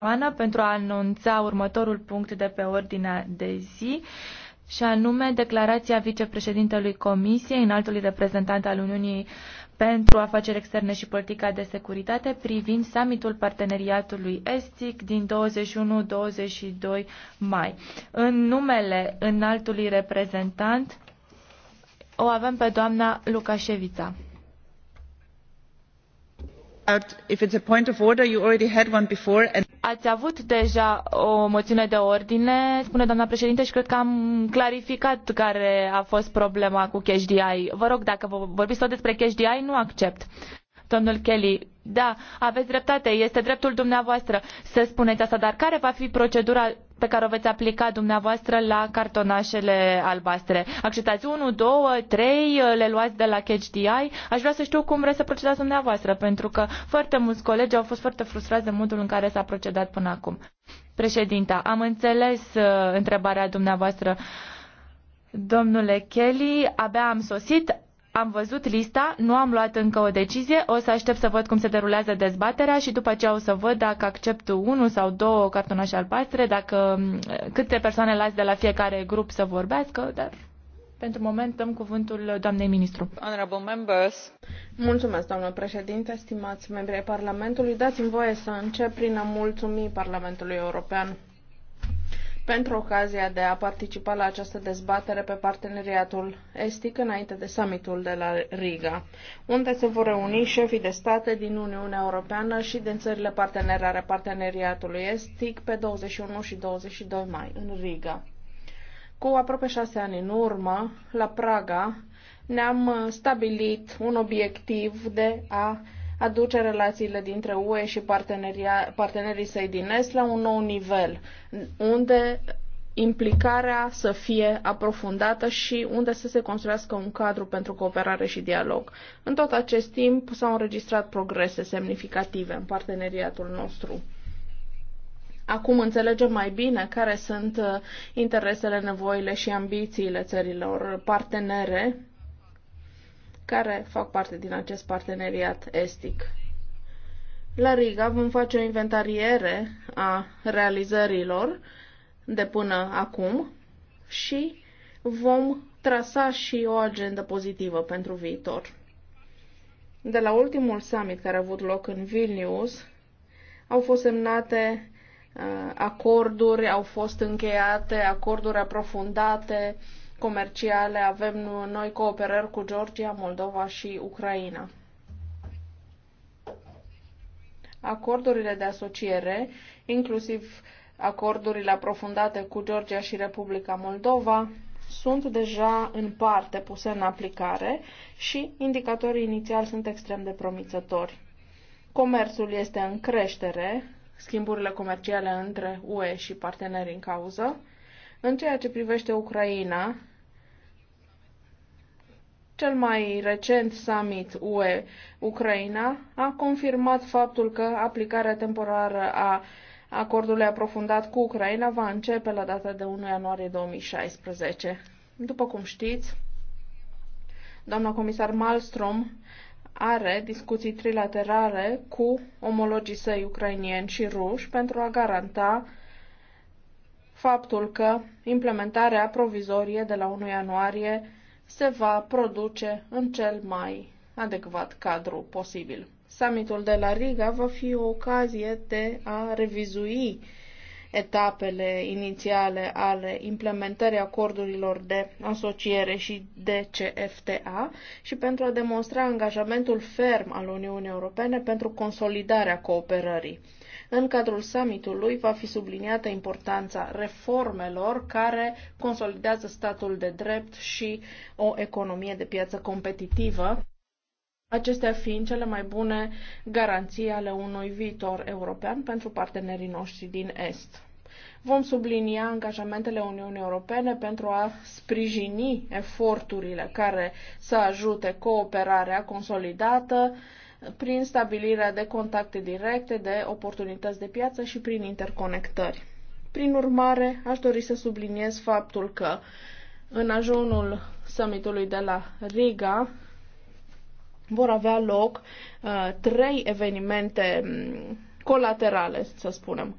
Oana pentru a anunța următorul punct de pe ordinea de zi și anume declarația vicepreședintelui Comisiei, înaltului reprezentant al Uniunii pentru afaceri externe și politica de securitate privind summitul parteneriatului estic din 21-22 mai. În numele înaltului reprezentant o avem pe doamna Lukașevița. If it's a point of order, you already had one before and Ați avut deja o moțiune de ordine, spune doamna președinte, și cred că am clarificat care a fost problema cu cash DI. Vă rog, dacă vorbiți tot despre cash DI, nu accept. Domnul Kelly, da, aveți dreptate, este dreptul dumneavoastră să spuneți asta, dar care va fi procedura pe care o veți aplica dumneavoastră la cartonașele albastre. Acceptați 1, 2, 3, le luați de la CatchDI. Aș vrea să știu cum vreți să procedați dumneavoastră, pentru că foarte mulți colegi au fost foarte frustrați de modul în care s-a procedat până acum. Președinta, am înțeles uh, întrebarea dumneavoastră. Domnule Kelly, abia am sosit. Am văzut lista, nu am luat încă o decizie, o să aștept să văd cum se derulează dezbaterea și după aceea o să văd dacă accept unul sau două cartonașe albastre, dacă mm, câte persoane las de la fiecare grup să vorbească, dar pentru moment dăm cuvântul doamnei ministru. Honorable members. Mulțumesc, doamnă președinte, stimați membri ai Parlamentului. Dați-mi voie să încep prin a mulțumi Parlamentului European pentru ocazia de a participa la această dezbatere pe parteneriatul estic înainte de summitul de la Riga, unde se vor reuni șefii de state din Uniunea Europeană și din țările partenere ale parteneriatului estic pe 21 și 22 mai în Riga. Cu aproape șase ani în urmă, la Praga, ne-am stabilit un obiectiv de a aduce relațiile dintre UE și partenerii săi din Est la un nou nivel, unde implicarea să fie aprofundată și unde să se construiască un cadru pentru cooperare și dialog. În tot acest timp s-au înregistrat progrese semnificative în parteneriatul nostru. Acum înțelegem mai bine care sunt uh, interesele, nevoile și ambițiile țărilor partenere care fac parte din acest parteneriat estic. La Riga vom face o inventariere a realizărilor de până acum și vom trasa și o agendă pozitivă pentru viitor. De la ultimul summit care a avut loc în Vilnius, au fost semnate uh, acorduri, au fost încheiate acorduri aprofundate, comerciale avem noi cooperări cu Georgia, Moldova și Ucraina. Acordurile de asociere, inclusiv acordurile aprofundate cu Georgia și Republica Moldova, sunt deja în parte puse în aplicare și indicatorii inițiali sunt extrem de promițători. Comerțul este în creștere, schimburile comerciale între UE și partenerii în cauză, în ceea ce privește Ucraina, cel mai recent summit UE-Ucraina a confirmat faptul că aplicarea temporară a acordului aprofundat cu Ucraina va începe la data de 1 ianuarie 2016. După cum știți, doamna comisar Malmström are discuții trilaterale cu omologii săi ucrainieni și ruși pentru a garanta faptul că implementarea provizorie de la 1 ianuarie se va produce în cel mai adecvat cadru posibil. Summitul de la Riga va fi o ocazie de a revizui etapele inițiale ale implementării acordurilor de asociere și de CFTA și pentru a demonstra angajamentul ferm al Uniunii Europene pentru consolidarea cooperării. În cadrul summitului va fi subliniată importanța reformelor care consolidează statul de drept și o economie de piață competitivă, acestea fiind cele mai bune garanții ale unui viitor european pentru partenerii noștri din Est. Vom sublinia angajamentele Uniunii Europene pentru a sprijini eforturile care să ajute cooperarea consolidată, prin stabilirea de contacte directe, de oportunități de piață și prin interconectări. Prin urmare, aș dori să subliniez faptul că în ajunul summitului de la Riga vor avea loc uh, trei evenimente mm, colaterale, să spunem.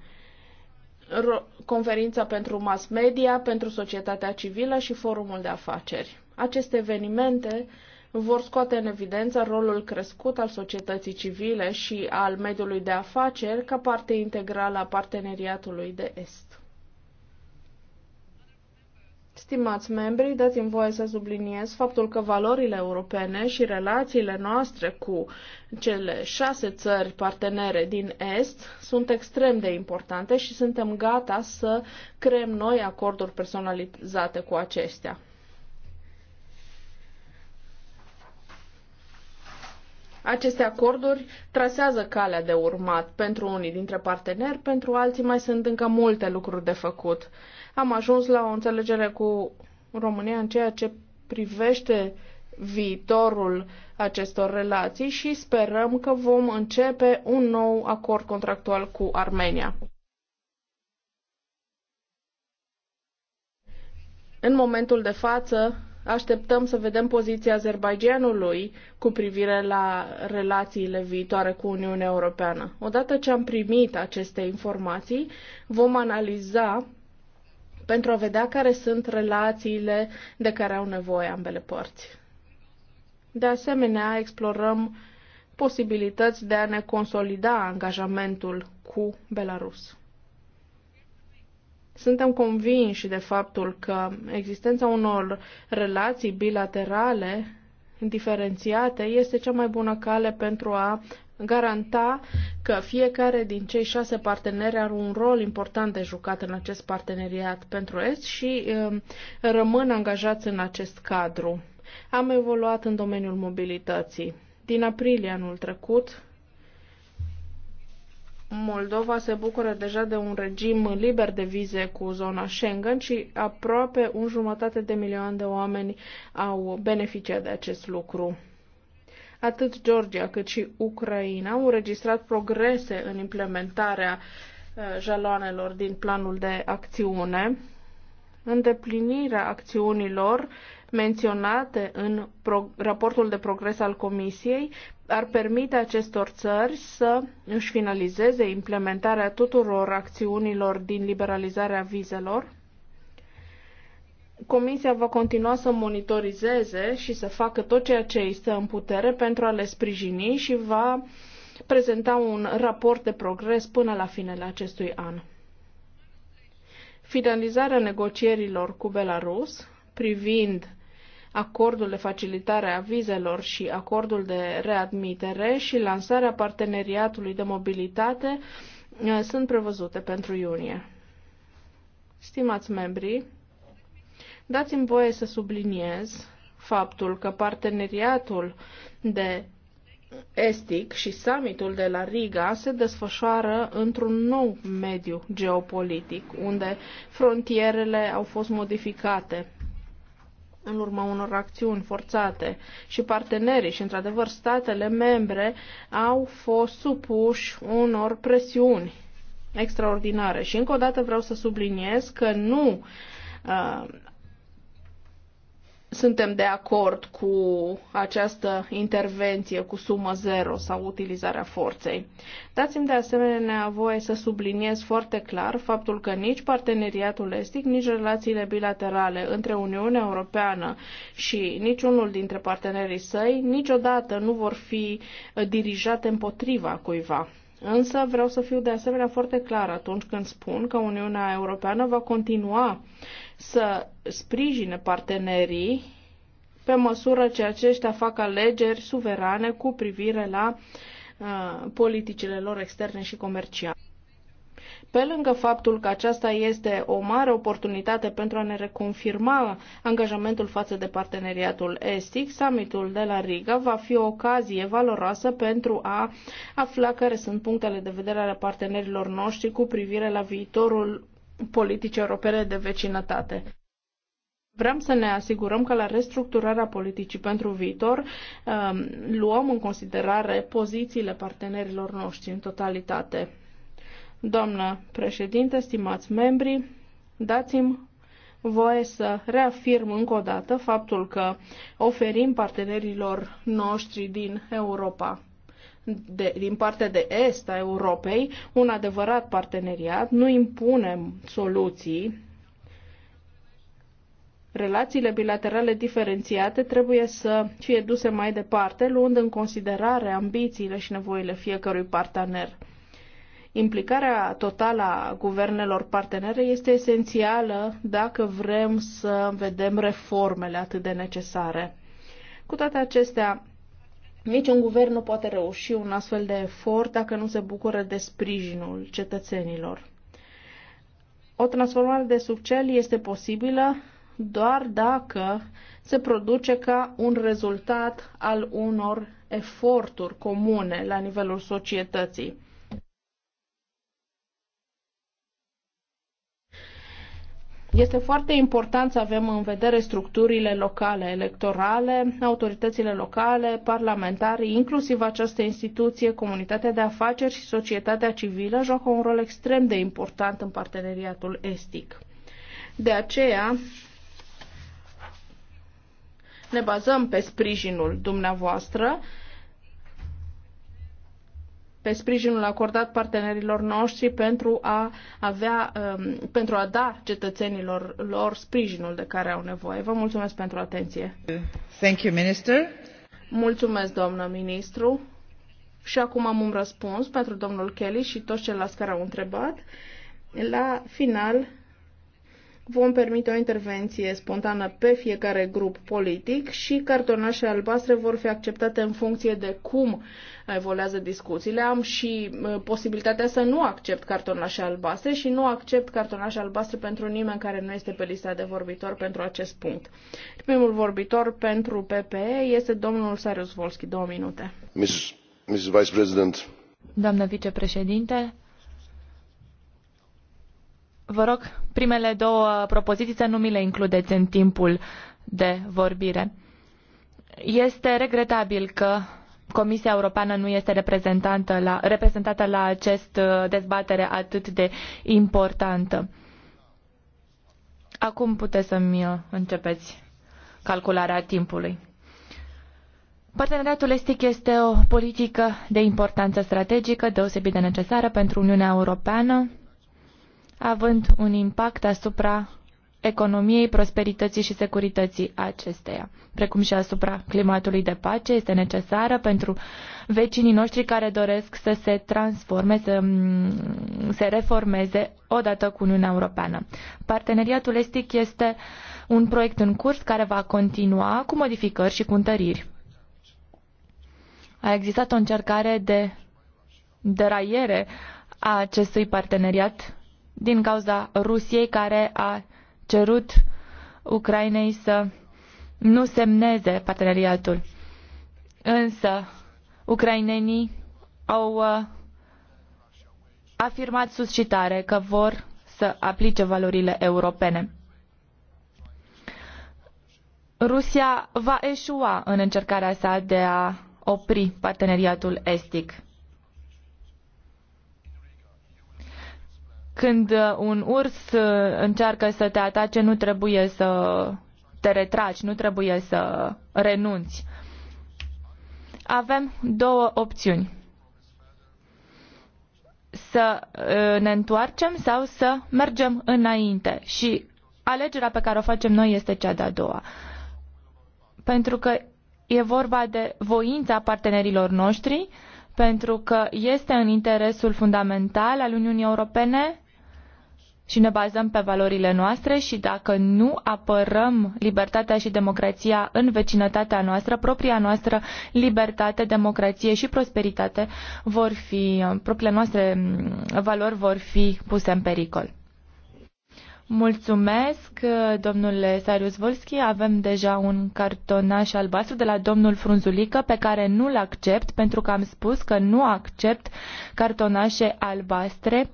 Ro- conferința pentru mass media, pentru societatea civilă și forumul de afaceri. Aceste evenimente uh, vor scoate în evidență rolul crescut al societății civile și al mediului de afaceri ca parte integrală a parteneriatului de est. Stimați membri, dați-mi voie să subliniez faptul că valorile europene și relațiile noastre cu cele șase țări partenere din Est sunt extrem de importante și suntem gata să creăm noi acorduri personalizate cu acestea. Aceste acorduri trasează calea de urmat pentru unii dintre parteneri, pentru alții mai sunt încă multe lucruri de făcut. Am ajuns la o înțelegere cu România în ceea ce privește viitorul acestor relații și sperăm că vom începe un nou acord contractual cu Armenia. În momentul de față, Așteptăm să vedem poziția Azerbaijanului cu privire la relațiile viitoare cu Uniunea Europeană. Odată ce am primit aceste informații, vom analiza pentru a vedea care sunt relațiile de care au nevoie ambele părți. De asemenea, explorăm posibilități de a ne consolida angajamentul cu Belarus. Suntem convinși de faptul că existența unor relații bilaterale diferențiate este cea mai bună cale pentru a garanta că fiecare din cei șase parteneri are un rol important de jucat în acest parteneriat pentru Est și um, rămân angajați în acest cadru. Am evoluat în domeniul mobilității. Din aprilie anul trecut, Moldova se bucură deja de un regim liber de vize cu zona Schengen și aproape un jumătate de milion de oameni au beneficiat de acest lucru. Atât Georgia cât și Ucraina au înregistrat progrese în implementarea uh, jaloanelor din planul de acțiune. Îndeplinirea acțiunilor menționate în raportul de progres al Comisiei ar permite acestor țări să își finalizeze implementarea tuturor acțiunilor din liberalizarea vizelor. Comisia va continua să monitorizeze și să facă tot ceea ce îi stă în putere pentru a le sprijini și va prezenta un raport de progres până la finele acestui an. Finalizarea negocierilor cu Belarus privind acordul de facilitare a vizelor și acordul de readmitere și lansarea parteneriatului de mobilitate uh, sunt prevăzute pentru iunie. Stimați membri, dați-mi voie să subliniez faptul că parteneriatul de estic și summitul de la Riga se desfășoară într-un nou mediu geopolitic, unde frontierele au fost modificate în urma unor acțiuni forțate și partenerii și, într-adevăr, statele membre au fost supuși unor presiuni extraordinare. Și încă o dată vreau să subliniez că nu uh, suntem de acord cu această intervenție cu sumă zero sau utilizarea forței. Dați-mi de asemenea voie să subliniez foarte clar faptul că nici parteneriatul estic, nici relațiile bilaterale între Uniunea Europeană și niciunul dintre partenerii săi niciodată nu vor fi dirijate împotriva cuiva. Însă vreau să fiu de asemenea foarte clar atunci când spun că Uniunea Europeană va continua să sprijine partenerii pe măsură ce aceștia fac alegeri suverane cu privire la uh, politicile lor externe și comerciale. Pe lângă faptul că aceasta este o mare oportunitate pentru a ne reconfirma angajamentul față de parteneriatul estic, summitul de la Riga va fi o ocazie valoroasă pentru a afla care sunt punctele de vedere ale partenerilor noștri cu privire la viitorul politicii europene de vecinătate. Vrem să ne asigurăm că la restructurarea politicii pentru viitor um, luăm în considerare pozițiile partenerilor noștri în totalitate. Doamnă președinte, stimați membri, dați-mi voie să reafirm încă o dată faptul că oferim partenerilor noștri din Europa de, din partea de est a Europei un adevărat parteneriat, nu impunem soluții. Relațiile bilaterale diferențiate trebuie să fie duse mai departe, luând în considerare ambițiile și nevoile fiecărui partener. Implicarea totală a guvernelor partenere este esențială dacă vrem să vedem reformele atât de necesare. Cu toate acestea, niciun guvern nu poate reuși un astfel de efort dacă nu se bucură de sprijinul cetățenilor. O transformare de succes este posibilă doar dacă se produce ca un rezultat al unor eforturi comune la nivelul societății. Este foarte important să avem în vedere structurile locale, electorale, autoritățile locale, parlamentari, inclusiv această instituție, comunitatea de afaceri și societatea civilă joacă un rol extrem de important în parteneriatul estic. De aceea, ne bazăm pe sprijinul dumneavoastră pe sprijinul acordat partenerilor noștri pentru a avea, um, pentru a da cetățenilor lor sprijinul de care au nevoie. Vă mulțumesc pentru atenție. Thank you, Minister. Mulțumesc, doamnă ministru. Și acum am un răspuns pentru domnul Kelly și toți ceilalți care au întrebat. La final, vom permite o intervenție spontană pe fiecare grup politic și cartonașe albastre vor fi acceptate în funcție de cum evoluează discuțiile. Am și uh, posibilitatea să nu accept cartonașe albastre și nu accept cartonașe albastre pentru nimeni care nu este pe lista de vorbitor pentru acest punct. Primul vorbitor pentru PPE este domnul Sarius Volski. Două minute. Mrs. Mrs. Vice President. Doamnă vicepreședinte, Vă rog, primele două propoziții să nu mi le includeți în timpul de vorbire. Este regretabil că Comisia Europeană nu este reprezentată la, reprezentată la acest uh, dezbatere atât de importantă. Acum puteți să-mi uh, începeți calcularea timpului. Parteneriatul estic este o politică de importanță strategică deosebit de necesară pentru Uniunea Europeană având un impact asupra economiei, prosperității și securității acesteia, precum și asupra climatului de pace, este necesară pentru vecinii noștri care doresc să se transforme, să mm, se reformeze odată cu Uniunea Europeană. Parteneriatul Estic este un proiect în curs care va continua cu modificări și cu întăriri. A existat o încercare de deraiere a acestui parteneriat din cauza Rusiei care a cerut Ucrainei să nu semneze parteneriatul. Însă, ucrainenii au uh, afirmat suscitare că vor să aplice valorile europene. Rusia va eșua în încercarea sa de a opri parteneriatul estic. Când uh, un urs uh, încearcă să te atace, nu trebuie să te retragi, nu trebuie să renunți. Avem două opțiuni. Să uh, ne întoarcem sau să mergem înainte. Și alegerea pe care o facem noi este cea de-a doua. Pentru că e vorba de voința partenerilor noștri, pentru că este în interesul fundamental al Uniunii Europene și ne bazăm pe valorile noastre și dacă nu apărăm libertatea și democrația în vecinătatea noastră, propria noastră libertate, democrație și prosperitate vor fi, propriile noastre mm, valori vor fi puse în pericol. Mulțumesc, domnule Sarius Volski. Avem deja un cartonaș albastru de la domnul Frunzulică pe care nu-l accept pentru că am spus că nu accept cartonașe albastre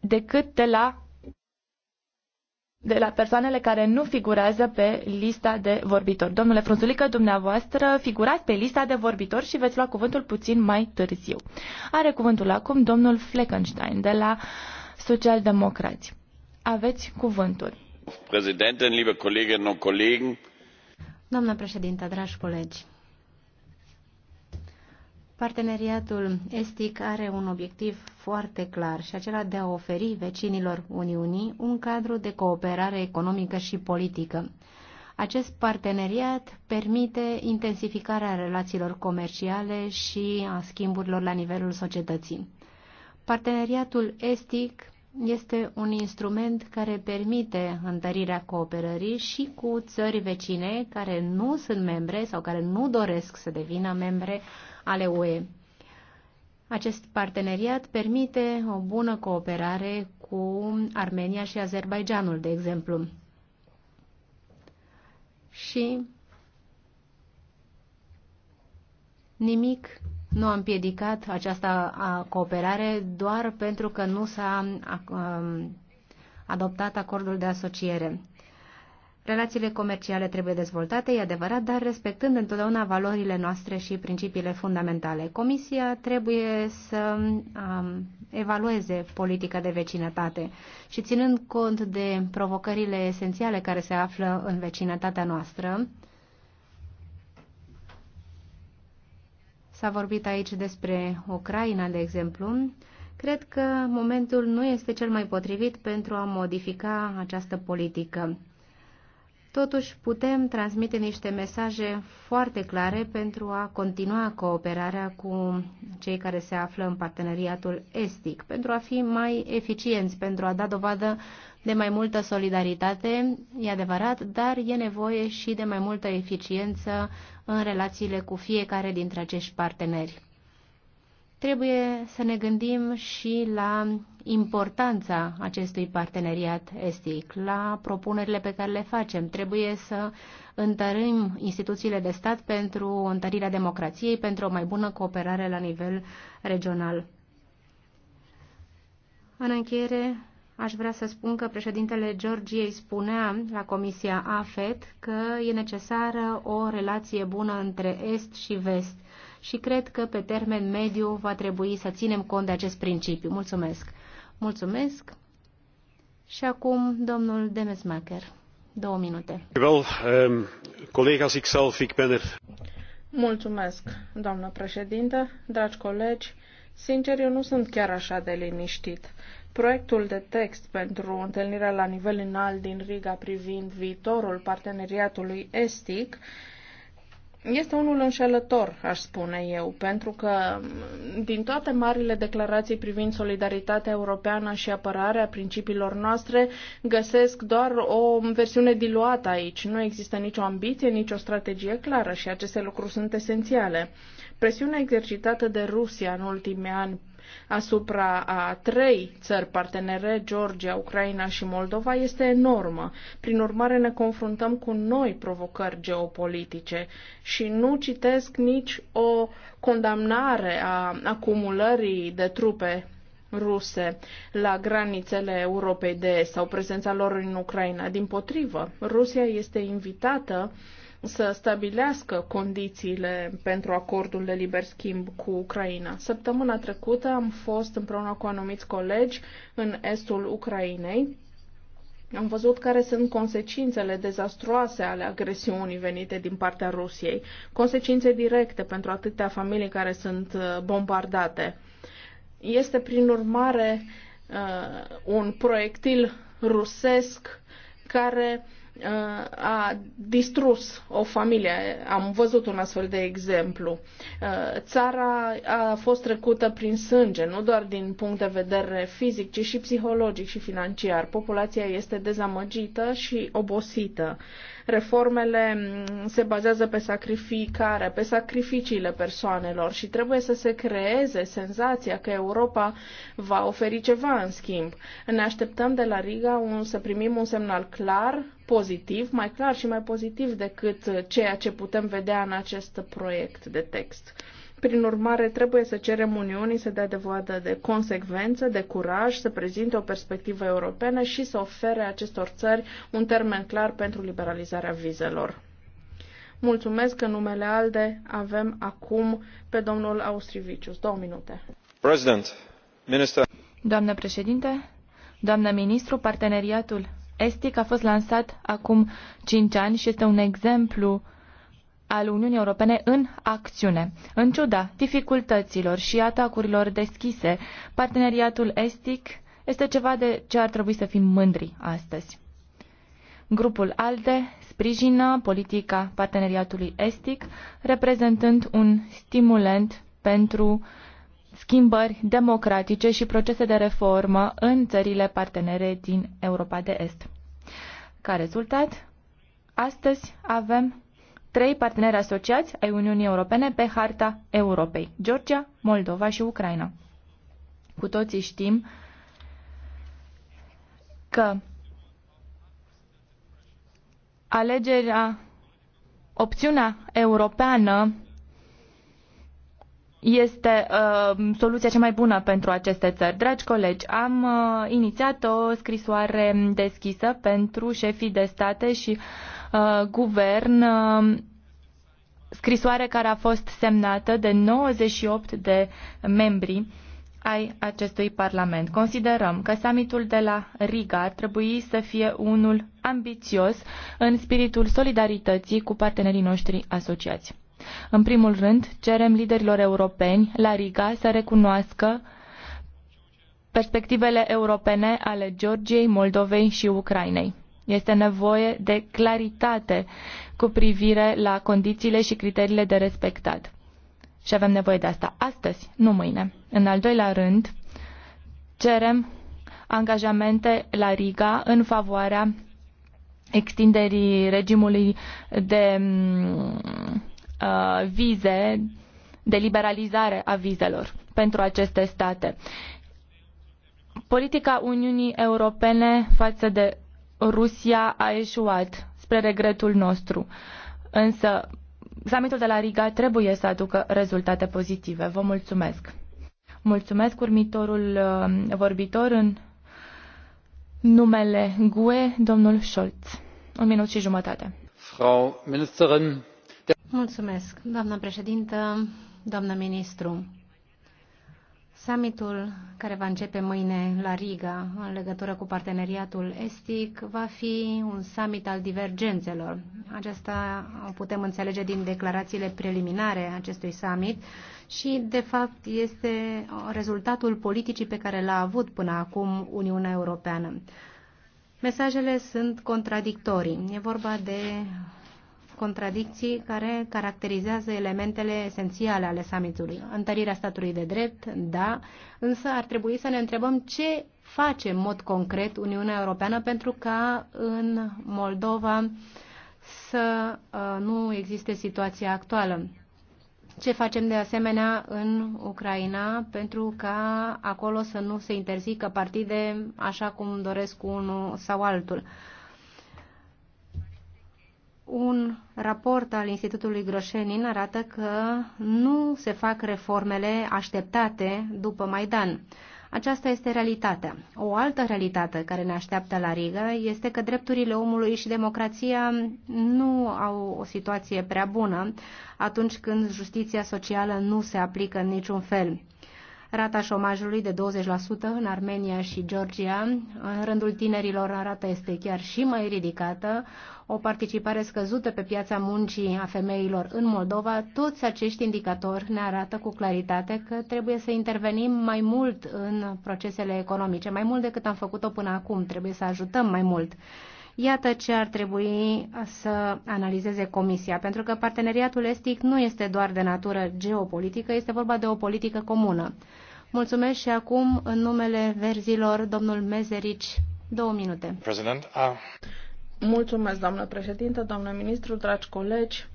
decât de la, de la persoanele care nu figurează pe lista de vorbitori. Domnule Frunzulică, dumneavoastră figurați pe lista de vorbitori și veți lua cuvântul puțin mai târziu. Are cuvântul acum domnul Fleckenstein de la Socialdemocrați. Aveți cuvântul. Președinte, liebe Kolleginnen und Kollegen. Doamnă președintă, dragi colegi, Parteneriatul estic are un obiectiv foarte clar și acela de a oferi vecinilor Uniunii un cadru de cooperare economică și politică. Acest parteneriat permite intensificarea relațiilor comerciale și a schimburilor la nivelul societății. Parteneriatul estic este un instrument care permite întărirea cooperării și cu țări vecine care nu sunt membre sau care nu doresc să devină membre ale UE. Acest parteneriat permite o bună cooperare cu Armenia și Azerbaijanul, de exemplu. Și nimic nu a împiedicat această cooperare doar pentru că nu s-a um, adoptat acordul de asociere. Relațiile comerciale trebuie dezvoltate, e adevărat, dar respectând întotdeauna valorile noastre și principiile fundamentale. Comisia trebuie să um, evalueze politica de vecinătate și ținând cont de provocările esențiale care se află în vecinătatea noastră, S-a vorbit aici despre Ucraina, de exemplu. Cred că momentul nu este cel mai potrivit pentru a modifica această politică. Totuși, putem transmite niște mesaje foarte clare pentru a continua cooperarea cu cei care se află în parteneriatul estic, pentru a fi mai eficienți, pentru a da dovadă de mai multă solidaritate, e adevărat, dar e nevoie și de mai multă eficiență în relațiile cu fiecare dintre acești parteneri. Trebuie să ne gândim și la importanța acestui parteneriat estic, la propunerile pe care le facem. Trebuie să întărim instituțiile de stat pentru întărirea democrației, pentru o mai bună cooperare la nivel regional. În încheiere, aș vrea să spun că președintele Georgiei spunea la Comisia AFET că e necesară o relație bună între Est și Vest și cred că pe termen mediu va trebui să ținem cont de acest principiu. Mulțumesc! Mulțumesc! Și acum domnul Demesmacher. Două minute. Ehm, Colegas, ikzelf, ik ben er. Mulțumesc, doamnă președintă, dragi colegi. Sincer, eu nu sunt chiar așa de liniștit. Proiectul de text pentru întâlnirea la nivel înalt din Riga privind viitorul parteneriatului estic este unul înșelător, aș spune eu, pentru că mm, din toate marile declarații privind solidaritatea europeană și apărarea principiilor noastre, găsesc doar o versiune diluată aici. Nu există nicio ambiție, nicio strategie clară și aceste lucruri sunt esențiale. Presiunea exercitată de Rusia în ultimii ani asupra a trei țări partenere, Georgia, Ucraina și Moldova, este enormă. Prin urmare, ne confruntăm cu noi provocări geopolitice și nu citesc nici o condamnare a acumulării de trupe ruse la granițele Europei de Est sau prezența lor în Ucraina. Din potrivă, Rusia este invitată uh, să stabilească condițiile pentru acordul de liber schimb cu Ucraina. Săptămâna trecută am fost împreună cu anumiți colegi în estul Ucrainei. Am văzut care sunt consecințele dezastruoase ale agresiunii venite din partea Rusiei, consecințe directe pentru atâtea familii care sunt uh, bombardate. Este, prin urmare, uh, un proiectil rusesc care a distrus o familie. Am văzut un astfel de exemplu. Uh, țara a fost trecută prin sânge, nu doar din punct de vedere fizic, ci și psihologic și financiar. Populația este dezamăgită și obosită. Reformele mm, se bazează pe sacrificare, pe sacrificiile persoanelor și trebuie să se creeze senzația că Europa va oferi ceva în schimb. Ne așteptăm de la Riga un, să primim un semnal clar, pozitiv, mai clar și mai pozitiv decât ceea ce putem vedea în acest proiect de text. Prin urmare, trebuie să cerem Uniunii să dea dovadă de consecvență, de curaj, să prezinte o perspectivă europeană și să ofere acestor țări un termen clar pentru liberalizarea vizelor. Mulțumesc că numele ALDE avem acum pe domnul Austrivicius. Două minute. President, minister... Doamnă președinte, doamnă ministru, parteneriatul estic a fost lansat acum 5 ani și este un exemplu al Uniunii Europene în acțiune. În ciuda dificultăților și atacurilor deschise, parteneriatul estic este ceva de ce ar trebui să fim mândri astăzi. Grupul ALDE sprijină politica parteneriatului estic, reprezentând un stimulent pentru schimbări democratice și procese de reformă în țările partenere din Europa de Est. Ca rezultat, astăzi avem trei parteneri asociați ai Uniunii Europene pe harta Europei, Georgia, Moldova și Ucraina. Cu toții știm că alegerea, opțiunea europeană este uh, soluția cea mai bună pentru aceste țări. Dragi colegi, am uh, inițiat o scrisoare deschisă pentru șefii de state și uh, Uh, guvern uh, scrisoare care a fost semnată de 98 de membri ai acestui Parlament. Considerăm că summitul de la Riga ar trebui să fie unul ambițios în spiritul solidarității cu partenerii noștri asociați. În primul rând, cerem liderilor europeni la Riga să recunoască perspectivele europene ale Georgiei, Moldovei și Ucrainei. Este nevoie de claritate cu privire la condițiile și criteriile de respectat. Și avem nevoie de asta astăzi, nu mâine. În al doilea rând, cerem angajamente la Riga în favoarea extinderii regimului de mm, uh, vize, de liberalizare a vizelor pentru aceste state. Politica Uniunii Europene față de Rusia a eșuat, spre regretul nostru. Însă, summitul de la Riga trebuie să aducă rezultate pozitive. Vă mulțumesc. Mulțumesc următorul uh, vorbitor în numele GUE, domnul Scholz. Un minut și jumătate. Frau Ministerin. Mulțumesc, doamnă președintă, doamnă ministru. Summitul care va începe mâine la Riga în legătură cu parteneriatul estic va fi un summit al divergențelor. Aceasta o putem înțelege din declarațiile preliminare acestui summit și, de fapt, este rezultatul politicii pe care l-a avut până acum Uniunea Europeană. Mesajele sunt contradictorii. E vorba de contradicții care caracterizează elementele esențiale ale summitului. Întărirea statului de drept, da, însă ar trebui să ne întrebăm ce face în mod concret Uniunea Europeană pentru ca în Moldova să uh, nu existe situația actuală. Ce facem de asemenea în Ucraina pentru ca acolo să nu se interzică partide așa cum doresc unul sau altul. Un raport al Institutului Groșenin arată că nu se fac reformele așteptate după Maidan. Aceasta este realitatea. O altă realitate care ne așteaptă la Riga este că drepturile omului și democrația nu au o situație prea bună atunci când justiția socială nu se aplică în niciun fel rata șomajului de 20% în Armenia și Georgia, în rândul tinerilor rata este chiar și mai ridicată, o participare scăzută pe piața muncii a femeilor în Moldova, toți acești indicatori ne arată cu claritate că trebuie să intervenim mai mult în procesele economice, mai mult decât am făcut-o până acum, trebuie să ajutăm mai mult. Iată ce ar trebui să analizeze Comisia, pentru că parteneriatul estic nu este doar de natură geopolitică, este vorba de o politică comună. Mulțumesc și acum, în numele verzilor, domnul Mezerici, două minute. uh... Mulțumesc, doamnă președintă, doamnă ministru, dragi colegi.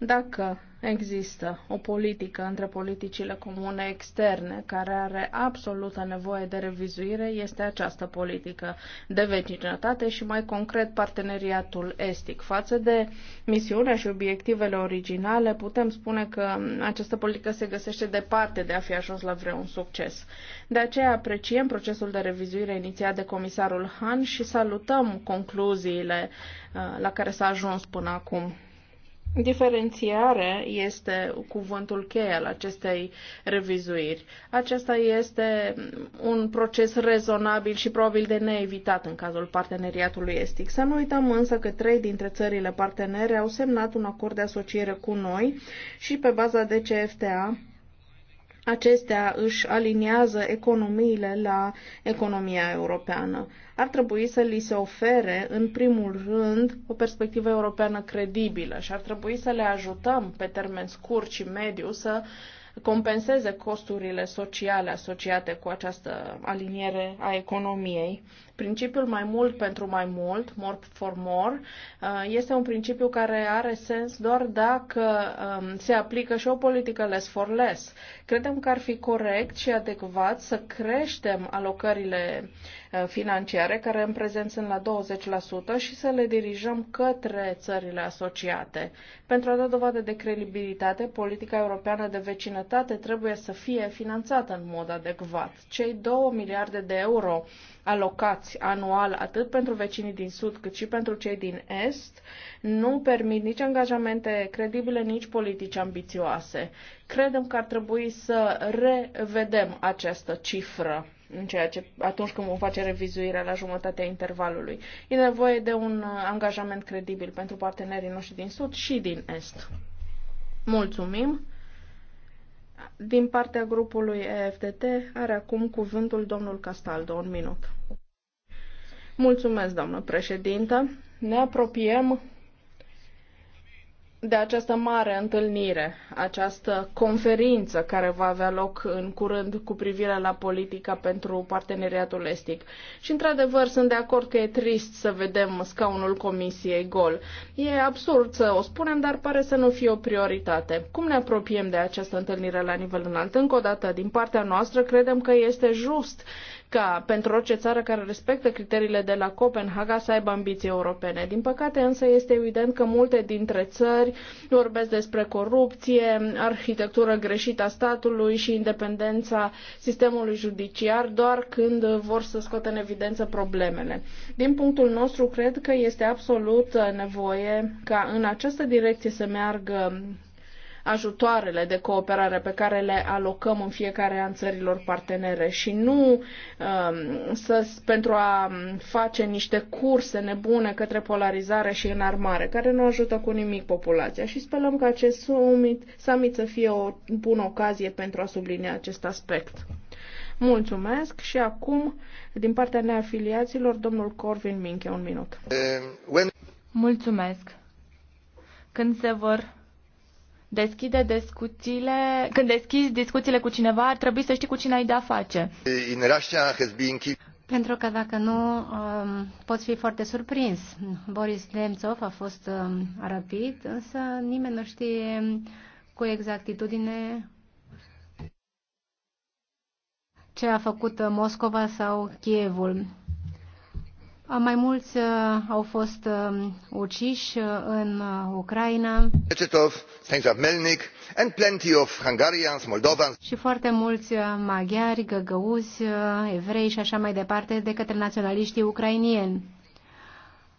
Dacă există o politică între politicile comune externe care are absolută nevoie de revizuire, este această politică de vecinătate și mai concret parteneriatul estic. Față de misiunea și obiectivele originale, putem spune că această politică se găsește departe de a fi ajuns la vreun succes. De aceea apreciem procesul de revizuire inițiat de comisarul Han și salutăm concluziile uh, la care s-a ajuns până acum. Diferențiare este cuvântul cheie al acestei revizuiri. Acesta este un proces rezonabil și probabil de neevitat în cazul parteneriatului estic. Să nu uităm însă că trei dintre țările partenere au semnat un acord de asociere cu noi și pe baza DCFTA acestea își aliniază economiile la economia europeană. Ar trebui să li se ofere, în primul rând, o perspectivă europeană credibilă și ar trebui să le ajutăm pe termen scurt și mediu să compenseze costurile sociale asociate cu această aliniere a economiei Principiul mai mult pentru mai mult, more for more, uh, este un principiu care are sens doar dacă um, se aplică și o politică less for less. Credem că ar fi corect și adecvat să creștem alocările uh, financiare, care în prezent sunt la 20%, și să le dirijăm către țările asociate. Pentru a da dovadă de credibilitate, politica europeană de vecinătate trebuie să fie finanțată în mod adecvat. Cei 2 miliarde de euro alocați anual atât pentru vecinii din Sud cât și pentru cei din Est nu permit nici angajamente credibile, nici politici ambițioase. Credem că ar trebui să revedem această cifră în ceea ce, atunci când vom face revizuirea la jumătatea intervalului. E nevoie de un angajament credibil pentru partenerii noștri din Sud și din Est. Mulțumim! Din partea grupului EFTT are acum cuvântul domnul Castaldo. Un minut. Mulțumesc, doamnă președintă. Ne apropiem de această mare întâlnire, această conferință care va avea loc în curând cu privire la politica pentru parteneriatul estic. Și, într-adevăr, sunt de acord că e trist să vedem scaunul comisiei gol. E absurd să o spunem, dar pare să nu fie o prioritate. Cum ne apropiem de această întâlnire la nivel înalt? Încă o dată, din partea noastră, credem că este just ca pentru orice țară care respectă criteriile de la Copenhaga să aibă ambiții europene. Din păcate însă este evident că multe dintre țări vorbesc despre corupție, arhitectură greșită a statului și independența sistemului judiciar doar când vor să scoată în evidență problemele. Din punctul nostru cred că este absolut nevoie ca în această direcție să meargă ajutoarele de cooperare pe care le alocăm în fiecare an țărilor partenere și nu um, să, pentru a face niște curse nebune către polarizare și înarmare, care nu ajută cu nimic populația. Și sperăm că acest summit, summit să fie o bună ocazie pentru a sublinia acest aspect. Mulțumesc și acum, din partea neafiliaților, domnul Corvin Minche, un minut. Eh, Mulțumesc. Când se vor deschide discuțiile, când deschizi discuțiile cu cineva, ar trebui să știi cu cine ai de-a face. Pentru că dacă nu, um, poți fi foarte surprins. Boris Nemtsov a fost um, răpit, însă nimeni nu știe cu exactitudine ce a făcut Moscova sau Kievul. Mai mulți uh, au fost uh, uciși uh, în Ucraina. Și foarte mulți maghiari, găgăuzi, evrei și așa mai departe de către naționaliștii ucrainieni.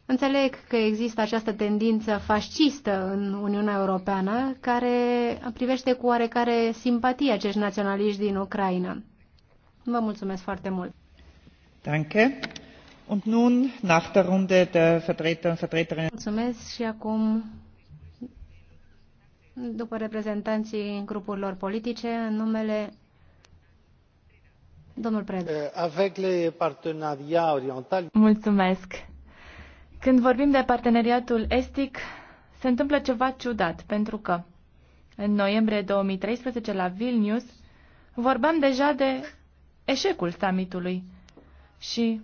Înțeleg că există această tendință fascistă în Uniunea Europeană care privește cu oarecare simpatie acești naționaliști din Ucraina. Vă mulțumesc foarte mult. Danke. Und nun nach der Runde der Vertreter und Vertreterinnen. Mulțumesc și acum după reprezentanții grupurilor politice în numele domnul Preda. Eh, avec les partenariats oriental. Mulțumesc. Când vorbim de parteneriatul estic, se întâmplă ceva ciudat, pentru că în noiembrie 2013 la Vilnius vorbeam deja de eșecul summitului și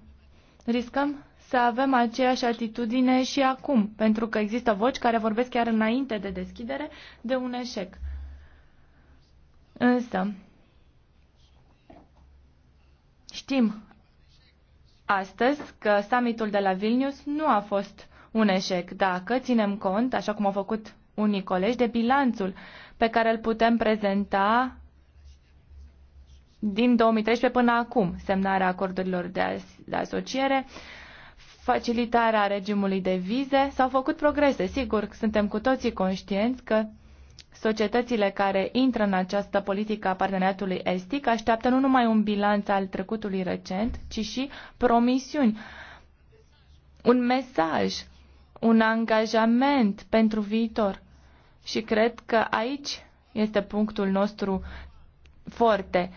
riscăm să avem aceeași atitudine și acum, pentru că există voci care vorbesc chiar înainte de deschidere de un eșec. Însă, știm astăzi că summitul de la Vilnius nu a fost un eșec dacă ținem cont, așa cum au făcut unii colegi, de bilanțul pe care îl putem prezenta din 2013 până acum, semnarea acordurilor de, as- de asociere, facilitarea regimului de vize, s-au făcut progrese. Sigur, suntem cu toții conștienți că societățile care intră în această politică a parteneriatului estic așteaptă nu numai un bilanț al trecutului recent, ci și promisiuni, un mesaj, un angajament pentru viitor. Și cred că aici este punctul nostru forte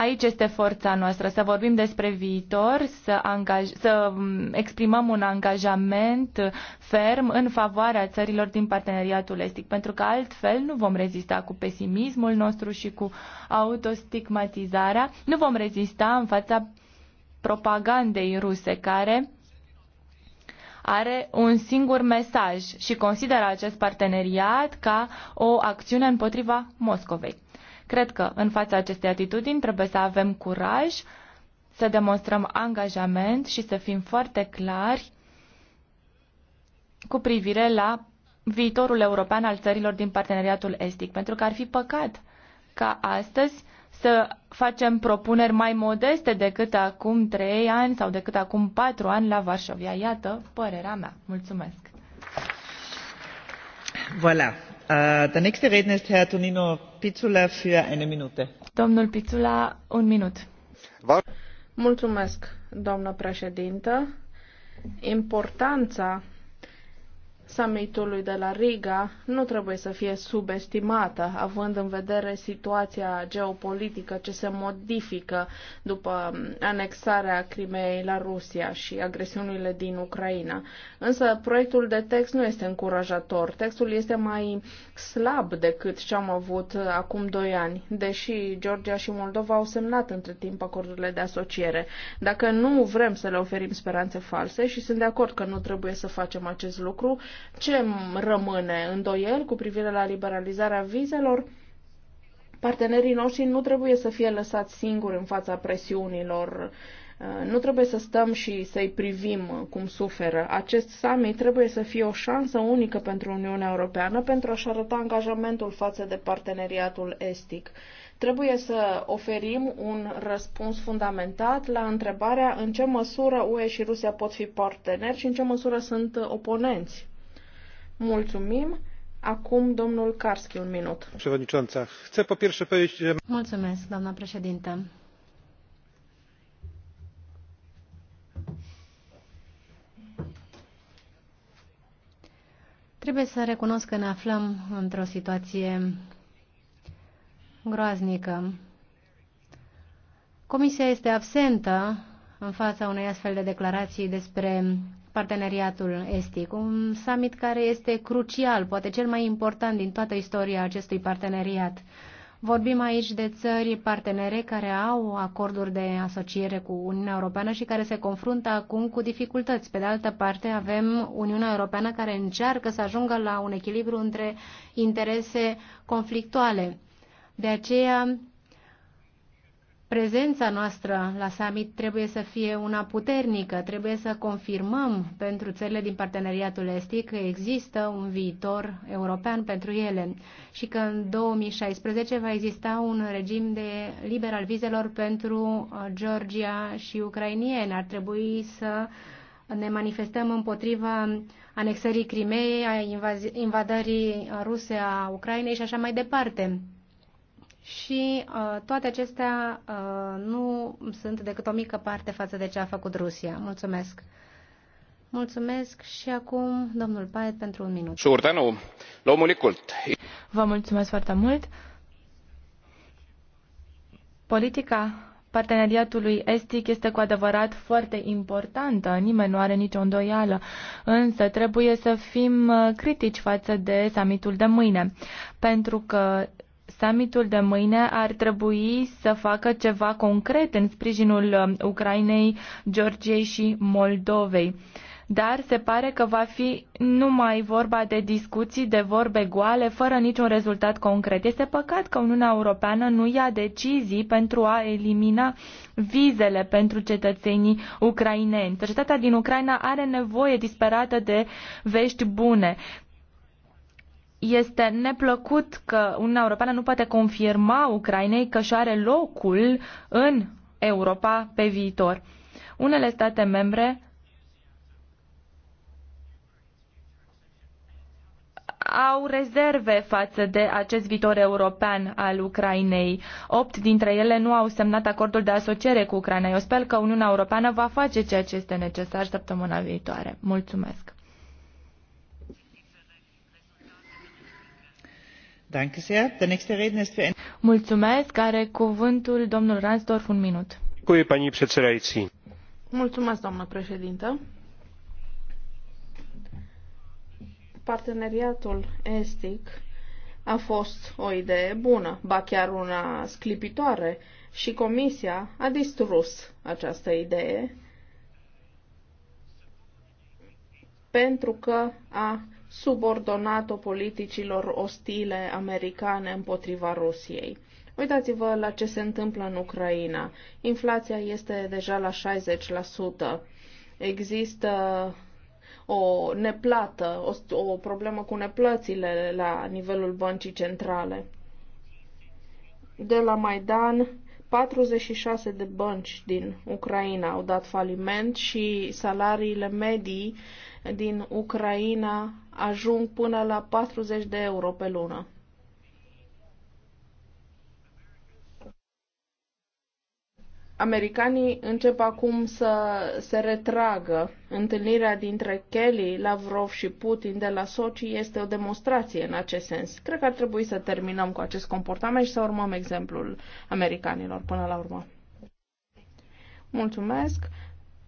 Aici este forța noastră, să vorbim despre viitor, să, angaj, să mm, exprimăm un angajament ferm în favoarea țărilor din parteneriatul estic, pentru că altfel nu vom rezista cu pesimismul nostru și cu autostigmatizarea, nu vom rezista în fața propagandei ruse care are un singur mesaj și consideră acest parteneriat ca o acțiune împotriva Moscovei. Cred că în fața acestei atitudini trebuie să avem curaj, să demonstrăm angajament și să fim foarte clari cu privire la viitorul european al țărilor din parteneriatul estic, pentru că ar fi păcat ca astăzi să facem propuneri mai modeste decât acum trei ani sau decât acum patru ani la Varșovia. Iată părerea mea. Mulțumesc. Voilà. Uh, der nächste Redner ist Herr Tonino Pițula, für eine Minute. Domnul Pițula, un minut. Mulțumesc, Importanța summitului de la Riga nu trebuie să fie subestimată, având în vedere situația geopolitică ce se modifică după anexarea Crimeei la Rusia și agresiunile din Ucraina. Însă proiectul de text nu este încurajator. Textul este mai slab decât ce am avut acum doi ani, deși Georgia și Moldova au semnat între timp acordurile de asociere. Dacă nu vrem să le oferim speranțe false și sunt de acord că nu trebuie să facem acest lucru, ce rămâne? Îndoiel cu privire la liberalizarea vizelor? Partenerii noștri nu trebuie să fie lăsați singuri în fața presiunilor. Uh, nu trebuie să stăm și să-i privim cum suferă. Acest summit trebuie să fie o șansă unică pentru Uniunea Europeană pentru a-și arăta angajamentul față de parteneriatul estic trebuie să oferim un răspuns fundamentat la întrebarea în ce măsură UE și Rusia pot fi parteneri și în ce măsură sunt oponenți. Mulțumim. Acum domnul Karski, un minut. Mulțumesc, doamna președintă. Trebuie să recunosc că ne aflăm într-o situație groaznică. Comisia este absentă în fața unei astfel de declarații despre parteneriatul estic, un summit care este crucial, poate cel mai important din toată istoria acestui parteneriat. Vorbim aici de țări partenere care au acorduri de asociere cu Uniunea Europeană și care se confruntă acum cu dificultăți. Pe de altă parte, avem Uniunea Europeană care încearcă să ajungă la un echilibru între interese conflictuale. De aceea, Prezența noastră la summit trebuie să fie una puternică, trebuie să confirmăm pentru țările din parteneriatul estic că există un viitor european pentru ele și că în 2016 va exista un regim de liber al vizelor pentru uh, Georgia și ucrainieni. Ar trebui să ne manifestăm împotriva anexării Crimeei, a invadării uh, ruse a Ucrainei și așa mai departe și uh, toate acestea uh, nu sunt decât o mică parte față de ce a făcut Rusia. Mulțumesc! Mulțumesc și acum domnul Paet pentru un minut. Suur tänu, loomulikult. Vă mulțumesc foarte mult. Politica parteneriatului estic este cu adevărat foarte importantă, nimeni nu are nicio îndoială, însă trebuie să fim uh, critici față de summitul de mâine, pentru că Summitul de mâine ar trebui să facă ceva concret în sprijinul um, Ucrainei, Georgiei și Moldovei. Dar se pare că va fi numai vorba de discuții, de vorbe goale, fără niciun rezultat concret. Este păcat că Uniunea Europeană nu ia decizii pentru a elimina vizele pentru cetățenii ucraineni. Societatea din Ucraina are nevoie disperată de vești bune este neplăcut că Uniunea Europeană nu poate confirma Ucrainei că și are locul în Europa pe viitor. Unele state membre au rezerve față de acest viitor european al Ucrainei. Opt dintre ele nu au semnat acordul de asociere cu Ucraina. Eu sper că Uniunea Europeană va face ceea ce este necesar săptămâna viitoare. Mulțumesc! Mulțumesc. Are cuvântul domnul Ransdorf un minut. Mulțumesc, doamnă președintă. Parteneriatul estic a fost o idee bună, ba chiar una sclipitoare, și Comisia a distrus această idee pentru că a subordonat-o politicilor ostile americane împotriva Rusiei. Uitați-vă la ce se întâmplă în Ucraina. Inflația este deja la 60%. Există o neplată, o, o problemă cu neplățile la nivelul băncii centrale. De la Maidan 46 de bănci din Ucraina au dat faliment și salariile medii din Ucraina ajung până la 40 de euro pe lună. americanii încep acum să se retragă. Întâlnirea dintre Kelly, Lavrov și Putin de la Sochi este o demonstrație în acest sens. Cred că ar trebui să terminăm cu acest comportament și să urmăm exemplul americanilor până la urmă. Mulțumesc.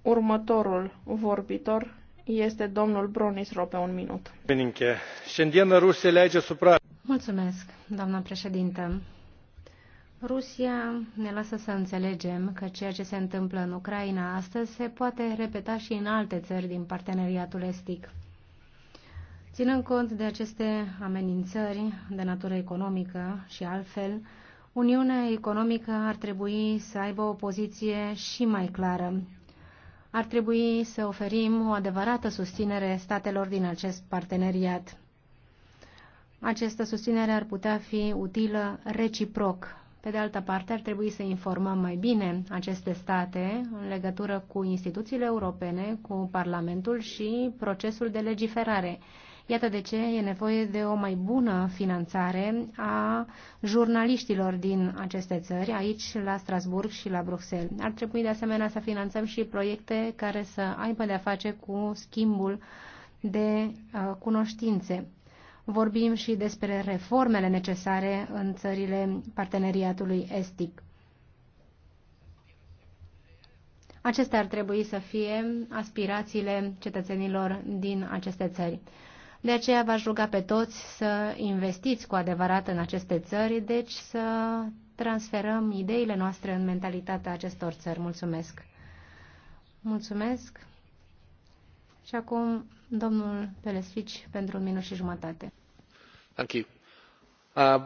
Următorul vorbitor este domnul Bronis Rope, un minut. Mulțumesc, doamna președintă. Rusia ne lasă să înțelegem că ceea ce se întâmplă în Ucraina astăzi se poate repeta și în alte țări din parteneriatul estic. Ținând cont de aceste amenințări de natură economică și altfel, Uniunea Economică ar trebui să aibă o poziție și mai clară. Ar trebui să oferim o adevărată susținere statelor din acest parteneriat. Această susținere ar putea fi utilă reciproc pe de altă parte, ar trebui să informăm mai bine aceste state în legătură cu instituțiile europene, cu Parlamentul și procesul de legiferare. Iată de ce e nevoie de o mai bună finanțare a jurnaliștilor din aceste țări, aici la Strasburg și la Bruxelles. Ar trebui de asemenea să finanțăm și proiecte care să aibă de-a face cu schimbul de uh, cunoștințe vorbim și despre reformele necesare în țările parteneriatului estic. Acestea ar trebui să fie aspirațiile cetățenilor din aceste țări. De aceea v-aș ruga pe toți să investiți cu adevărat în aceste țări, deci să transferăm ideile noastre în mentalitatea acestor țări. Mulțumesc! Mulțumesc! Și acum, domnul Pelesfici, pentru un minut și jumătate. Thank you. Uh,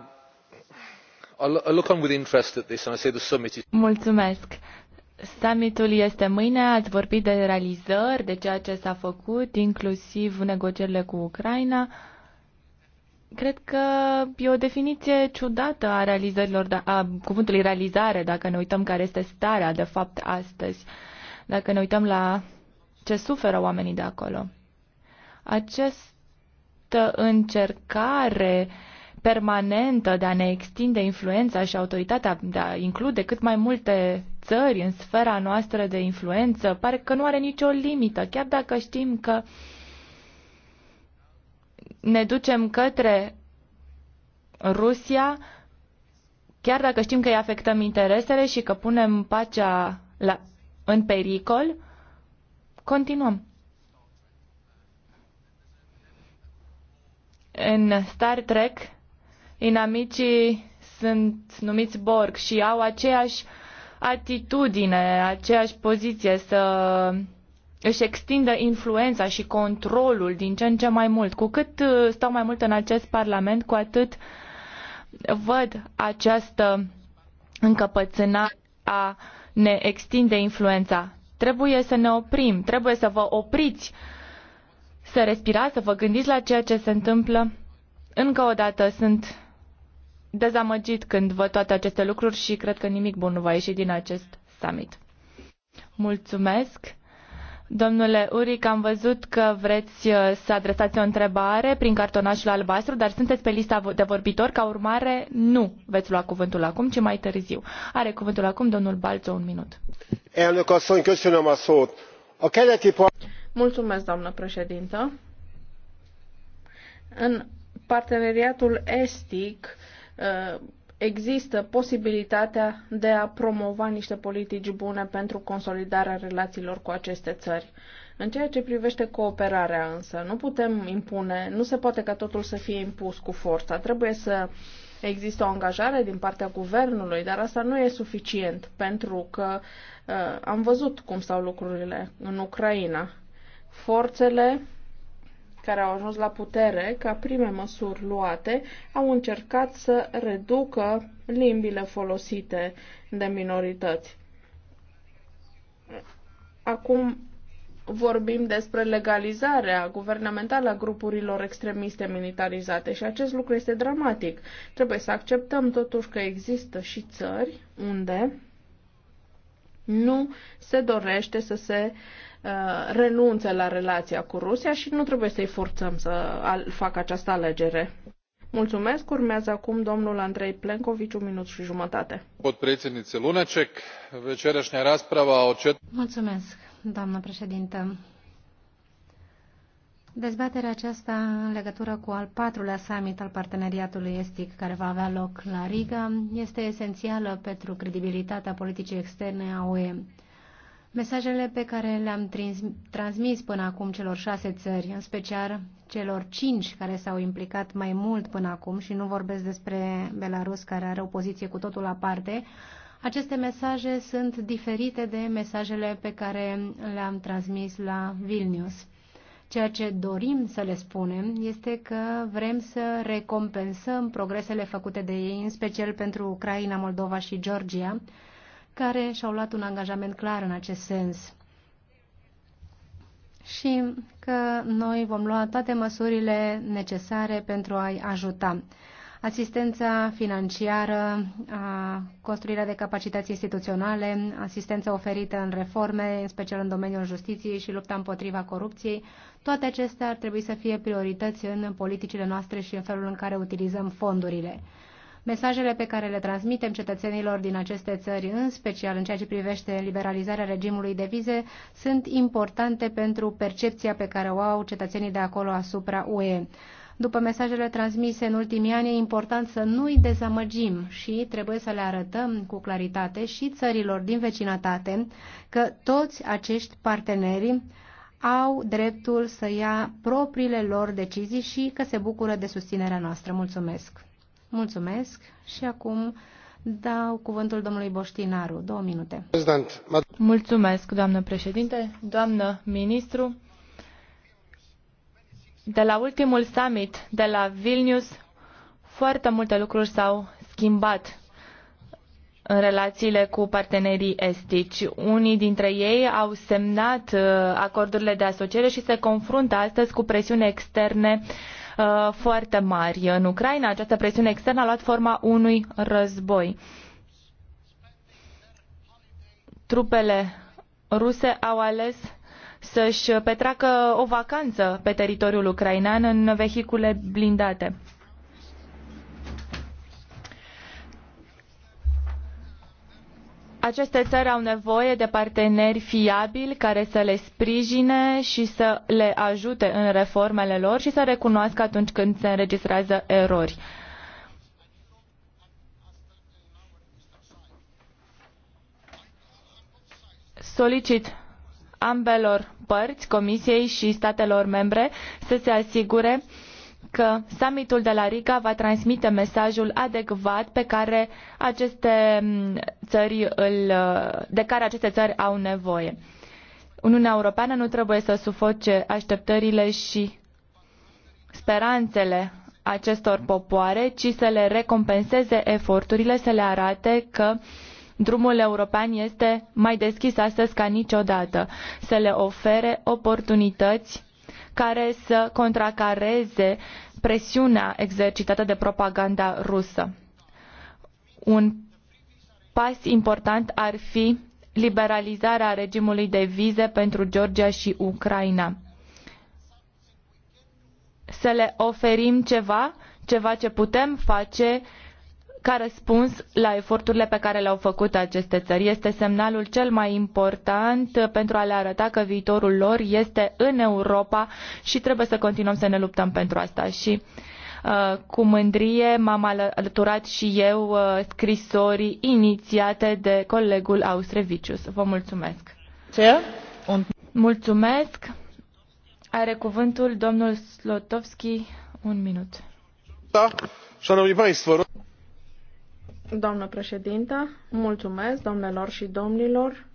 I look on with interest at this and I say the summit is... Mulțumesc. Summitul este mâine, ați vorbit de realizări, de ceea ce s-a făcut, inclusiv negocierile cu Ucraina. Cred că e o definiție ciudată a realizărilor, da, a cuvântului realizare, dacă ne uităm care este starea de fapt astăzi. Dacă ne uităm la ce suferă oamenii de acolo. Această încercare permanentă de a ne extinde influența și autoritatea de a include cât mai multe țări în sfera noastră de influență pare că nu are nicio limită, chiar dacă știm că ne ducem către Rusia, chiar dacă știm că îi afectăm interesele și că punem pacea la, în pericol, Continuăm. În Star Trek, inamicii sunt numiți Borg și au aceeași atitudine, aceeași poziție să își extindă influența și controlul din ce în ce mai mult. Cu cât uh, stau mai mult în acest Parlament, cu atât văd această încăpățânare a ne extinde influența. Trebuie să ne oprim, trebuie să vă opriți, să respirați, să vă gândiți la ceea ce se întâmplă. Încă o dată sunt dezamăgit când văd toate aceste lucruri și cred că nimic bun nu va ieși din acest summit. Mulțumesc! Domnule Uric, am văzut că vreți uh, să adresați o întrebare prin cartonașul albastru, dar sunteți pe lista de vorbitori, ca urmare nu veți lua cuvântul acum, ci mai târziu. Are cuvântul acum domnul Balțo, un minut. Mulțumesc, doamnă președintă. În parteneriatul estic, uh, există posibilitatea de a promova niște politici bune pentru consolidarea relațiilor cu aceste țări. În ceea ce privește cooperarea însă, nu putem impune, nu se poate ca totul să fie impus cu forța. Trebuie să există o angajare din partea guvernului, dar asta nu e suficient pentru că uh, am văzut cum stau lucrurile în Ucraina. Forțele care au ajuns la putere, ca prime măsuri luate, au încercat să reducă limbile folosite de minorități. Acum vorbim despre legalizarea guvernamentală a grupurilor extremiste militarizate și acest lucru este dramatic. Trebuie să acceptăm totuși că există și țări unde nu se dorește să se uh, Uh, renunțe la relația cu Rusia și nu trebuie să-i forțăm să facă această alegere. Mulțumesc. Urmează acum domnul Andrei Plenković, minut și jumătate. rasprava Mulțumesc, doamnă președintă. Dezbaterea aceasta în legătură cu al patrulea summit al parteneriatului estic care va avea loc la Riga este esențială pentru credibilitatea politicii externe a UE. Mesajele pe care le-am transmis până acum celor șase țări, în special celor cinci care s-au implicat mai mult până acum și nu vorbesc despre Belarus care are o poziție cu totul aparte, aceste mesaje sunt diferite de mesajele pe care le-am transmis la Vilnius. Ceea ce dorim să le spunem este că vrem să recompensăm progresele făcute de ei, în special pentru Ucraina, Moldova și Georgia, care și-au luat un angajament clar în acest sens și că noi vom lua toate măsurile necesare pentru a-i ajuta. Asistența financiară, construirea de capacități instituționale, asistența oferită în reforme, în special în domeniul justiției și lupta împotriva corupției, toate acestea ar trebui să fie priorități în politicile noastre și în felul în care utilizăm fondurile. Mesajele pe care le transmitem cetățenilor din aceste țări, în special în ceea ce privește liberalizarea regimului de vize, sunt importante pentru percepția pe care o au cetățenii de acolo asupra UE. După mesajele transmise în ultimii ani, e important să nu-i dezamăgim și trebuie să le arătăm cu claritate și țărilor din vecinătate că toți acești parteneri au dreptul să ia propriile lor decizii și că se bucură de susținerea noastră. Mulțumesc! Mulțumesc și acum dau cuvântul domnului Boștinaru. Două minute. Mulțumesc, doamnă președinte, doamnă ministru. De la ultimul summit de la Vilnius, foarte multe lucruri s-au schimbat în relațiile cu partenerii estici. Unii dintre ei au semnat uh, acordurile de asociere și se confruntă astăzi cu presiuni externe uh, Uh, foarte mari în Ucraina. Această presiune externă a luat forma unui război. Trupele ruse au ales să-și petreacă o vacanță pe teritoriul ucrainean în vehicule blindate. Aceste țări au nevoie de parteneri fiabili care să le sprijine și să le ajute în reformele lor și să recunoască atunci când se înregistrează erori. Solicit ambelor părți, Comisiei și statelor membre, să se asigure că summitul de la Riga va transmite mesajul adecvat pe care aceste mm, țări îl, de care aceste țări au nevoie. Uniunea Europeană nu trebuie să sufoce așteptările și speranțele acestor popoare, ci să le recompenseze eforturile, să le arate că drumul european este mai deschis astăzi ca niciodată, să le ofere oportunități care să contracareze presiunea exercitată de propaganda rusă. Un pas important ar fi liberalizarea regimului de vize pentru Georgia și Ucraina. Să le oferim ceva, ceva ce putem face ca răspuns la eforturile pe care le-au făcut aceste țări. Este semnalul cel mai important pentru a le arăta că viitorul lor este în Europa și trebuie să continuăm să ne luptăm pentru asta. Și uh, cu mândrie m-am alăturat și eu uh, scrisorii inițiate de colegul Austrevicius. Vă mulțumesc! Mulțumesc! Are cuvântul domnul Slotovski. Un minut. Da. Szanowni Państwo, Doamnă președintă, mulțumesc, domnilor și domnilor.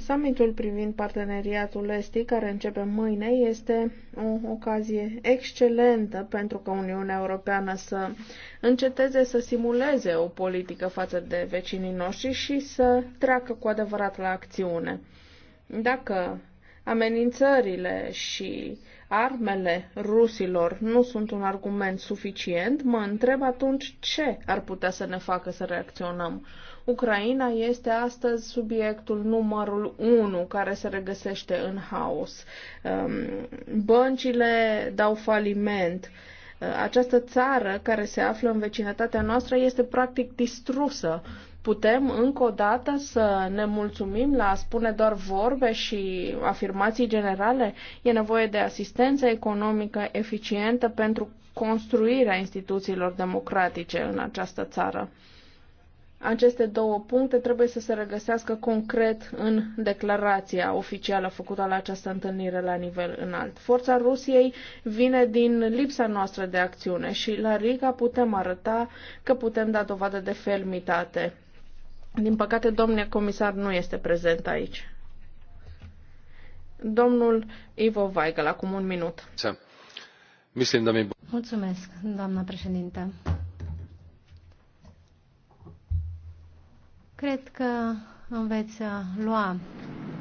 Summitul privind parteneriatul estic, care începe mâine, este o ocazie excelentă pentru ca Uniunea Europeană să înceteze să simuleze o politică față de vecinii noștri și să treacă cu adevărat la acțiune. Dacă amenințările și armele rusilor nu sunt un argument suficient, mă întreb atunci ce ar putea să ne facă să reacționăm. Ucraina este astăzi subiectul numărul 1 care se regăsește în haos. Um, băncile dau faliment. Uh, această țară care se află în vecinătatea noastră este practic distrusă putem încă o dată să ne mulțumim la a spune doar vorbe și afirmații generale? E nevoie de asistență economică eficientă pentru construirea instituțiilor democratice în această țară. Aceste două puncte trebuie să se regăsească concret în declarația oficială făcută la această întâlnire la nivel înalt. Forța Rusiei vine din lipsa noastră de acțiune și la Riga putem arăta că putem da dovadă de fermitate. Din păcate, domnule comisar nu este prezent aici. Domnul Ivo Weigel, acum un minut. Mulțumesc, doamna președintă. Cred că îmi veți uh, lua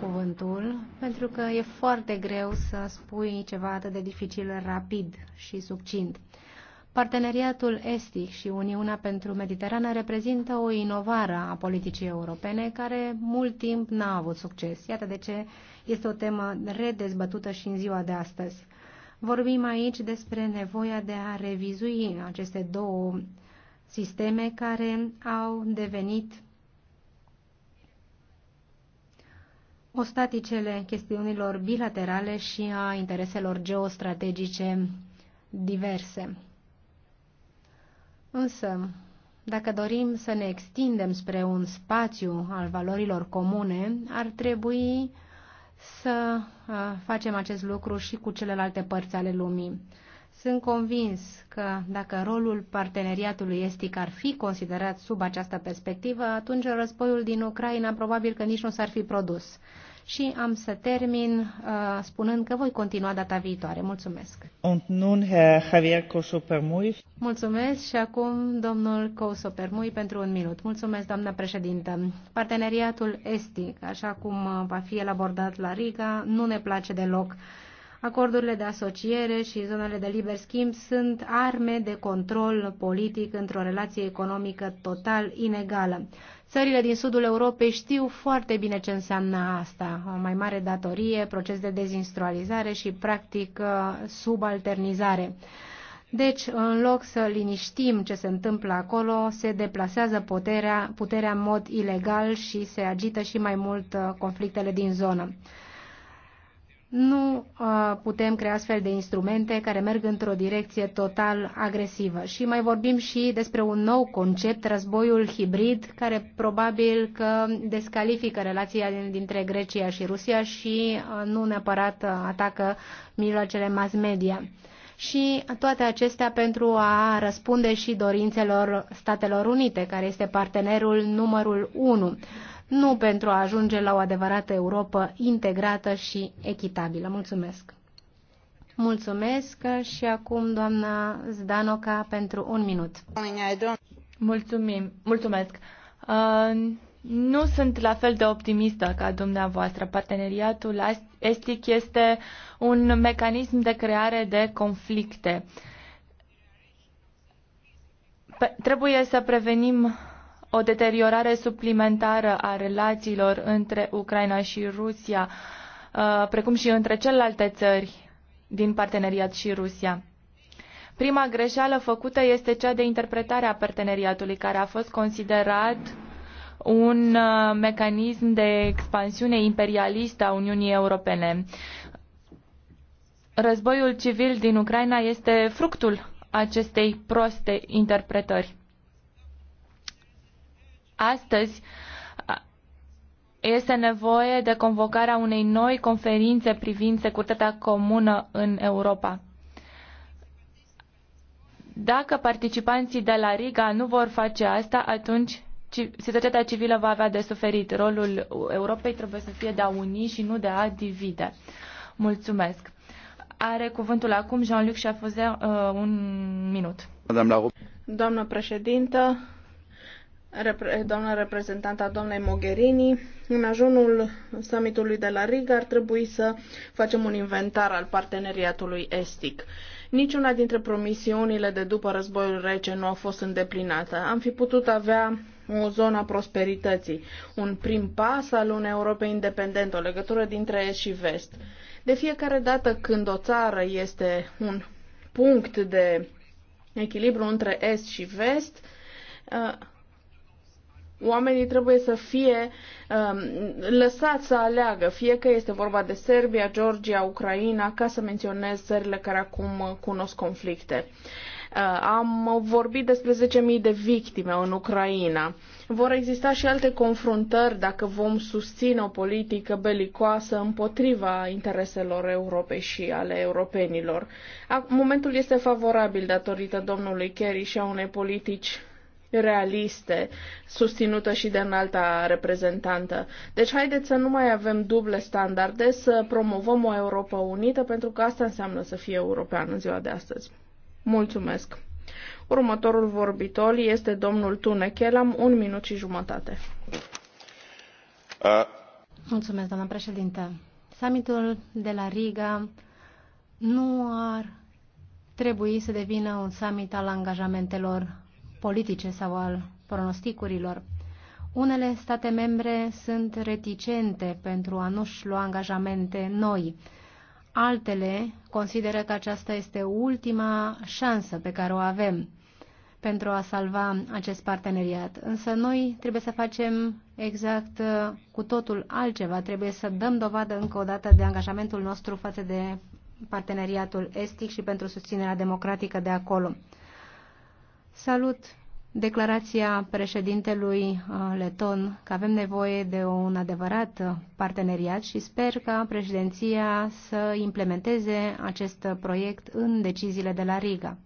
cuvântul, pentru că e foarte greu să spui ceva atât de dificil, rapid și succint. Parteneriatul Estic și Uniunea pentru Mediterană reprezintă o inovare a politicii europene care mult timp n-a avut succes. Iată de ce este o temă redezbătută și în ziua de astăzi. Vorbim aici despre nevoia de a revizui aceste două sisteme care au devenit ostaticele chestiunilor bilaterale și a intereselor geostrategice diverse. Însă, dacă dorim să ne extindem spre un spațiu al valorilor comune, ar trebui să facem acest lucru și cu celelalte părți ale lumii. Sunt convins că dacă rolul parteneriatului estic ar fi considerat sub această perspectivă, atunci războiul din Ucraina probabil că nici nu s-ar fi produs și am să termin uh, spunând că voi continua data viitoare. Mulțumesc. Und nun Herr Javier Cosopermui. Mulțumesc și acum domnul Cosopermui pentru un minut. Mulțumesc, doamna președintă. Parteneriatul estic, așa cum uh, va fi el abordat la Riga, nu ne place deloc. Acordurile de asociere și zonele de liber schimb sunt arme de control politic într-o relație economică total inegală. Țările din sudul Europei știu foarte bine ce înseamnă asta, o mai mare datorie, proces de dezinstrualizare și, practic, uh, subalternizare. Deci, în loc să liniștim ce se întâmplă acolo, se deplasează puterea, puterea în mod ilegal și se agită și mai mult uh, conflictele din zonă nu uh, putem crea astfel de instrumente care merg într-o direcție total agresivă. Și mai vorbim și despre un nou concept, războiul hibrid, care probabil că descalifică relația dintre Grecia și Rusia și uh, nu neapărat uh, atacă mijloacele mass media. Și toate acestea pentru a răspunde și dorințelor Statelor Unite, care este partenerul numărul 1 nu pentru a ajunge la o adevărată Europa integrată și echitabilă. Mulțumesc! Mulțumesc și acum doamna Zdanoca pentru un minut. Mulțumim, mulțumesc. Uh, nu sunt la fel de optimistă ca dumneavoastră. Parteneriatul estic este un mecanism de creare de conflicte. Pe, trebuie să prevenim o deteriorare suplimentară a relațiilor între Ucraina și Rusia, uh, precum și între celelalte țări din parteneriat și Rusia. Prima greșeală făcută este cea de interpretare a parteneriatului, care a fost considerat un uh, mecanism de expansiune imperialistă a Uniunii Europene. Războiul civil din Ucraina este fructul acestei proste interpretări. Astăzi este nevoie de convocarea unei noi conferințe privind securitatea comună în Europa. Dacă participanții de la Riga nu vor face asta, atunci societatea civilă va avea de suferit. Rolul Europei trebuie să fie de a uni și nu de a divide. Mulțumesc. Are cuvântul acum Jean-Luc Chafuzet, uh, un minut. Doamna președintă, repre- doamna reprezentantă a doamnei Mogherini, în ajunul summitului de la Riga ar trebui să facem un inventar al parteneriatului estic. Niciuna dintre promisiunile de după războiul rece nu a fost îndeplinată. Am fi putut avea o zonă a prosperității, un prim pas al unei Europe independente, o legătură dintre est și vest. De fiecare dată când o țară este un punct de echilibru între est și vest, uh, Oamenii trebuie să fie um, lăsați să aleagă, fie că este vorba de Serbia, Georgia, Ucraina, ca să menționez țările care acum uh, cunosc conflicte. Uh, am vorbit despre 10.000 de victime în Ucraina. Vor exista și alte confruntări dacă vom susține o politică belicoasă împotriva intereselor Europei și ale europenilor. Momentul este favorabil datorită domnului Kerry și a unei politici realiste, susținută și de înalta reprezentantă. Deci haideți să nu mai avem duble standarde, să promovăm o Europa unită, pentru că asta înseamnă să fie european în ziua de astăzi. Mulțumesc! Următorul vorbitor este domnul Tune Chelam, un minut și jumătate. Uh. Mulțumesc, doamna președinte. Summitul de la Riga nu ar trebui să devină un summit al angajamentelor politice sau al pronosticurilor. Unele state membre sunt reticente pentru a nu-și lua angajamente noi. Altele consideră că aceasta este ultima șansă pe care o avem pentru a salva acest parteneriat. Însă noi trebuie să facem exact uh, cu totul altceva. Trebuie să dăm dovadă încă o dată de angajamentul nostru față de parteneriatul estic și pentru susținerea democratică de acolo. Salut declarația președintelui uh, leton că avem nevoie de un adevărat uh, parteneriat și sper ca președinția să implementeze acest proiect în deciziile de la Riga.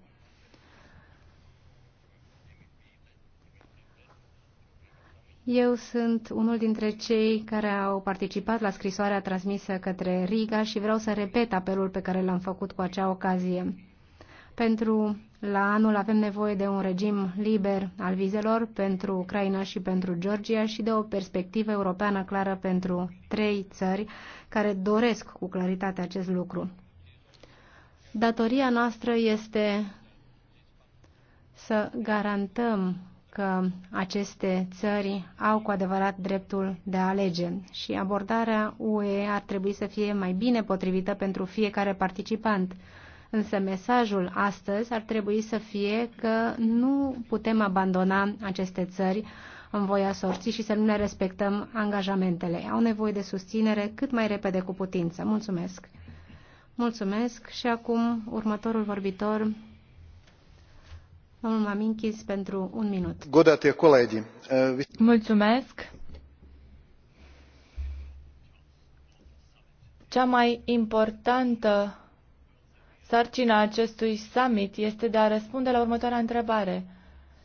Eu sunt unul dintre cei care au participat la scrisoarea transmisă către Riga și vreau să repet apelul pe care l-am făcut cu acea ocazie. Pentru la anul avem nevoie de un regim liber al vizelor pentru Ucraina și pentru Georgia și de o perspectivă europeană clară pentru trei țări care doresc cu claritate acest lucru. Datoria noastră este să garantăm că aceste țări au cu adevărat dreptul de a alege și abordarea UE ar trebui să fie mai bine potrivită pentru fiecare participant. Însă mesajul astăzi ar trebui să fie că nu putem abandona aceste țări în voia sorții și să nu ne respectăm angajamentele. Au nevoie de susținere cât mai repede cu putință. Mulțumesc! Mulțumesc și acum următorul vorbitor, domnul Maminchis, pentru un minut. Godate, colegi. Eh, Mulțumesc! Cea mai importantă Sarcina acestui summit este de a răspunde la următoarea întrebare.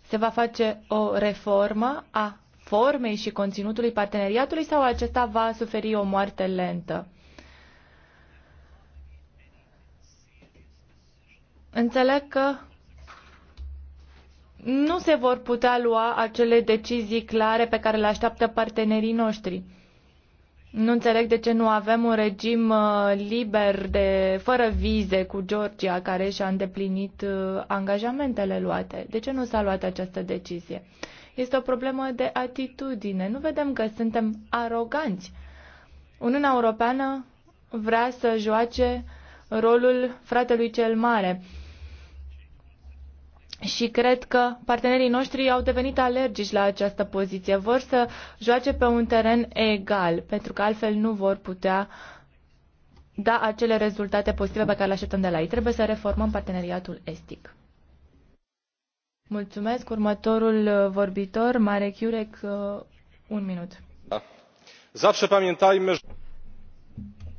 Se va face o reformă a formei și conținutului parteneriatului sau acesta va suferi o moarte lentă? Înțeleg că nu se vor putea lua acele decizii clare pe care le așteaptă partenerii noștri. Nu înțeleg de ce nu avem un regim uh, liber de fără vize cu Georgia care și-a îndeplinit uh, angajamentele luate. De ce nu s-a luat această decizie? Este o problemă de atitudine. Nu vedem că suntem aroganți. Uniunea Europeană vrea să joace rolul fratelui cel mare și cred că partenerii noștri au devenit alergici la această poziție. Vor să joace pe un teren egal, pentru că altfel nu vor putea da acele rezultate pozitive pe care le așteptăm de la ei. Trebuie să reformăm parteneriatul estic. Mulțumesc. Următorul uh, vorbitor, Marek Jurek, uh, un minut.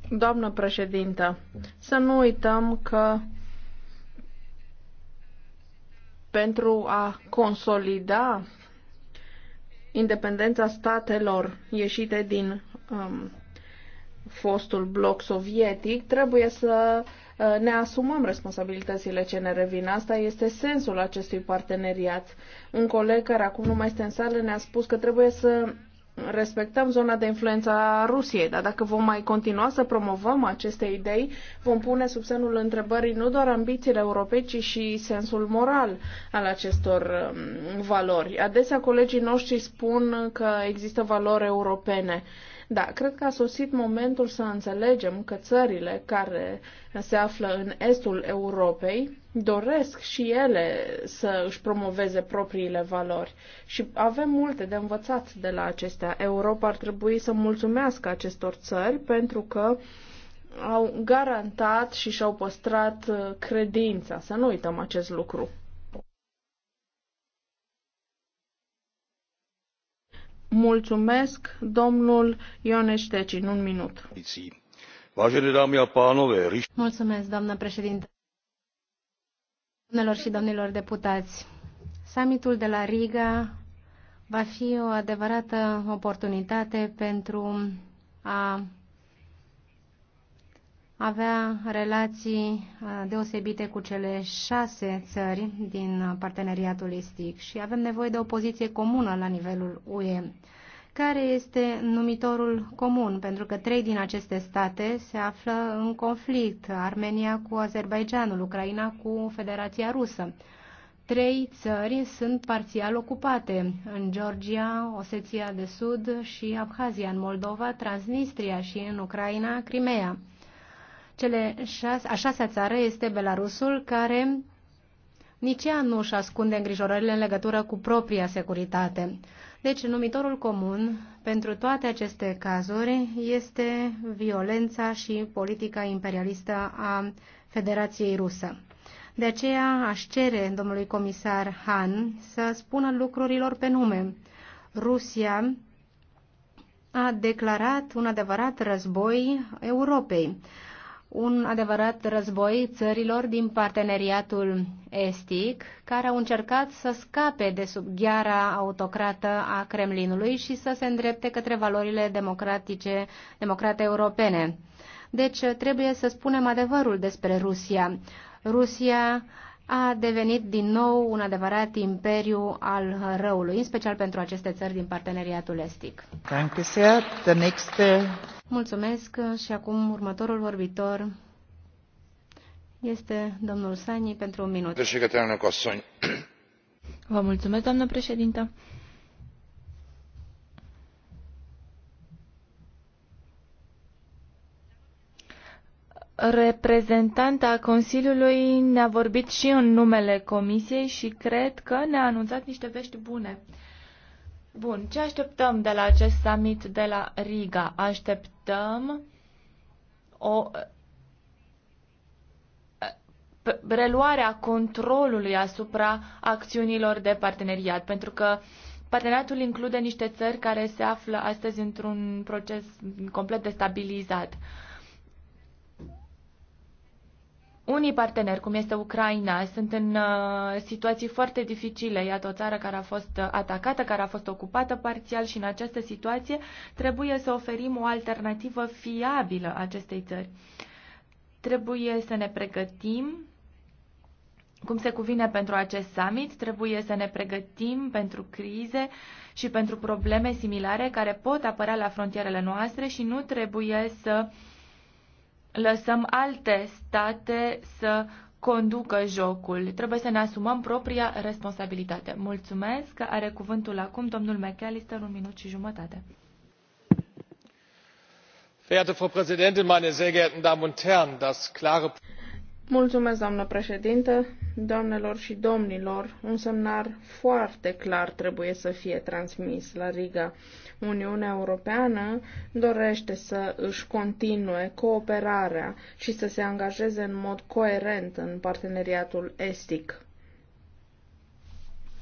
Doamnă președintă, să nu uităm că pentru a consolida independența statelor ieșite din um, fostul bloc sovietic, trebuie să uh, ne asumăm responsabilitățile ce ne revin. Asta este sensul acestui parteneriat. Un coleg care acum nu mai este în sală ne-a spus că trebuie să respectăm zona de influență a Rusiei, dar dacă vom mai continua să promovăm aceste idei, vom pune sub semnul întrebării nu doar ambițiile europei, ci și sensul moral al acestor um, valori. Adesea colegii noștri spun că există valori europene. Uh, da, cred că a sosit momentul să înțelegem că țările care se află în estul Europei doresc și ele să își promoveze propriile valori și avem multe de învățat de la acestea. Europa ar trebui să mulțumească acestor țări pentru că au garantat și și-au păstrat uh, credința. Să nu uităm acest lucru. Mulțumesc, domnul Ioneș în un minut. Mulțumesc, doamnă președinte. Domnilor și domnilor deputați, summitul de la Riga va fi o adevărată oportunitate pentru a avea relații uh, deosebite cu cele șase țări din parteneriatul estic și avem nevoie de o poziție comună la nivelul UE. Care este numitorul comun? Pentru că trei din aceste state se află în conflict, Armenia cu Azerbaijanul, Ucraina cu Federația Rusă. Trei țări sunt parțial ocupate, în Georgia, Oseția de Sud și Abhazia, în Moldova, Transnistria și în Ucraina, Crimea. Cele șase, a șasea țară este Belarusul, care nici ea nu își ascunde îngrijorările în legătură cu propria securitate. Deci, numitorul comun pentru toate aceste cazuri este violența și politica imperialistă a Federației Rusă. De aceea aș cere domnului comisar Han să spună lucrurilor pe nume. Rusia a declarat un adevărat război Europei un adevărat război țărilor din parteneriatul estic, care au încercat să scape de sub gheara autocrată a Kremlinului și să se îndrepte către valorile democratice, democrate europene. Deci trebuie să spunem adevărul despre Rusia. Rusia a devenit din nou un adevărat imperiu al răului, în special pentru aceste țări din parteneriatul estic. Mulțumesc și acum următorul vorbitor este domnul Sani pentru un minut. Vă mulțumesc, doamnă președintă. reprezentanta Consiliului ne-a vorbit și în numele Comisiei și cred că ne-a anunțat niște vești bune. Bun, ce așteptăm de la acest summit de la Riga? Așteptăm o reluarea controlului asupra acțiunilor de parteneriat, pentru că parteneriatul include niște țări care se află astăzi într-un proces complet destabilizat. Unii parteneri, cum este Ucraina, sunt în uh, situații foarte dificile. Iată o țară care a fost uh, atacată, care a fost ocupată parțial și în această situație trebuie să oferim o alternativă fiabilă acestei țări. Trebuie să ne pregătim cum se cuvine pentru acest summit, trebuie să ne pregătim pentru crize și pentru probleme similare care pot apărea la frontierele noastre și nu trebuie să uh, lăsăm alte state să conducă jocul. Trebuie să ne asumăm propria responsabilitate. Mulțumesc. că Are cuvântul acum domnul McAllister, un minut și jumătate. Verehrte Frau Präsidentin, meine sehr geehrten Damen und Herren, das klare Mulțumesc, doamnă președintă, doamnelor și domnilor. Un semnar foarte clar trebuie să fie transmis la Riga. Uniunea Europeană dorește să își continue cooperarea și să se angajeze în mod coerent în parteneriatul estic.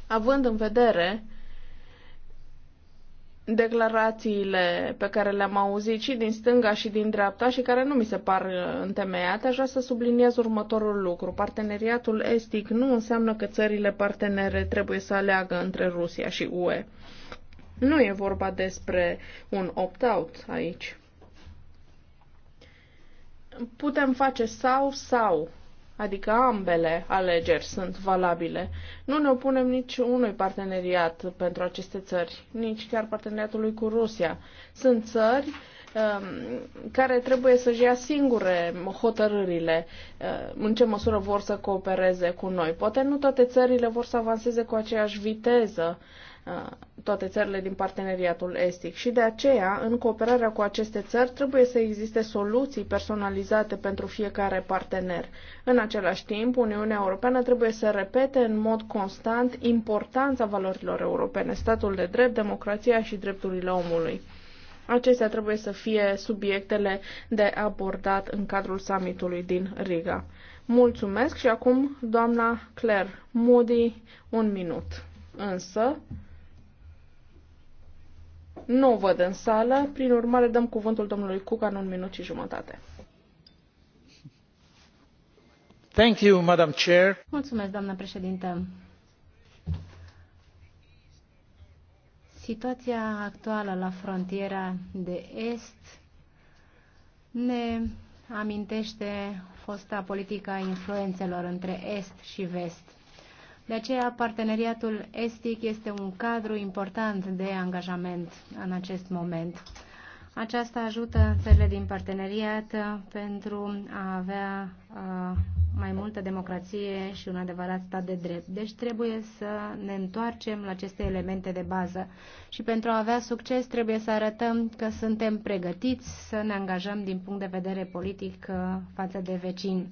Având în vedere declarațiile pe care le-am auzit și din stânga și din dreapta și care nu mi se par uh, întemeiate, aș vrea să subliniez următorul lucru. Parteneriatul estic nu înseamnă că țările partenere trebuie să aleagă între Rusia și UE. Nu e vorba despre un opt-out aici. Putem face sau sau Adică ambele alegeri sunt valabile. Nu ne opunem nici unui parteneriat pentru aceste țări, nici chiar parteneriatului cu Rusia. Sunt țări um, care trebuie să-și ia singure hotărârile um, în ce măsură vor să coopereze cu noi. Poate nu toate țările vor să avanseze cu aceeași viteză Uh, toate țările din parteneriatul estic și de aceea, în cooperarea cu aceste țări, trebuie să existe soluții personalizate pentru fiecare partener. În același timp, Uniunea Europeană trebuie să repete în mod constant importanța valorilor europene, statul de drept, democrația și drepturile omului. Acestea trebuie să fie subiectele de abordat în cadrul summitului din Riga. Mulțumesc și acum doamna Claire Moody, un minut. Însă, nu o văd în sală, prin urmare dăm cuvântul domnului în un minut și jumătate. Thank you, Madam Chair. Mulțumesc, doamnă președintă. Situația actuală la frontiera de est ne amintește fosta politică a influențelor între est și vest. De aceea, parteneriatul estic este un cadru important de angajament în acest moment. Aceasta ajută țările din parteneriat pentru a avea uh, mai multă democrație și un adevărat stat de drept. Deci trebuie să ne întoarcem la aceste elemente de bază și pentru a avea succes trebuie să arătăm că suntem pregătiți să ne angajăm din punct de vedere politic uh, față de vecini.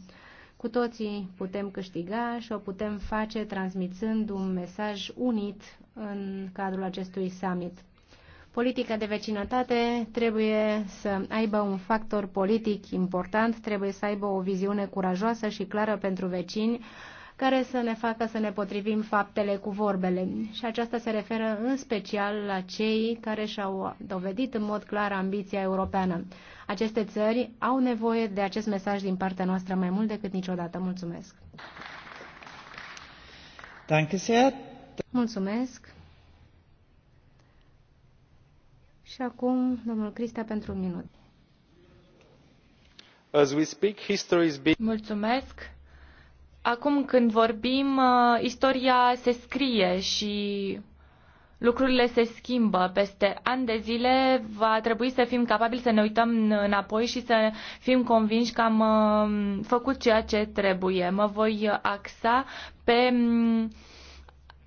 Cu toții putem câștiga și o putem face transmițând un mesaj unit în cadrul acestui summit. Politica de vecinătate trebuie să aibă un factor politic important, trebuie să aibă o viziune curajoasă și clară pentru vecini, care să ne facă să ne potrivim faptele cu vorbele. Și aceasta se referă în special la cei care și-au dovedit în mod clar ambiția europeană. Aceste țări au nevoie de acest mesaj din partea noastră mai mult decât niciodată. Mulțumesc! Mulțumesc! Și acum, domnul Cristea, pentru un minut. As we speak, history is being... Mulțumesc! Acum când vorbim, uh, istoria se scrie și lucrurile se schimbă. Peste ani de zile va trebui să fim capabili să ne uităm înapoi și să fim convinși că am uh, făcut ceea ce trebuie. Mă voi axa pe mm,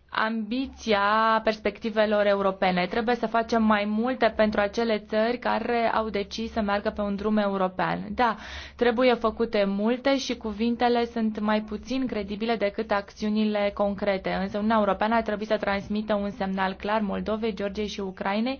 ambiția perspectivelor europene. Trebuie să facem mai multe pentru acele țări care au decis să meargă pe un drum european. Da, trebuie făcute multe și cuvintele sunt mai puțin credibile decât acțiunile concrete. Însă Uniunea Europeană ar trebui să transmită un semnal clar Moldovei, Georgiei și Ucrainei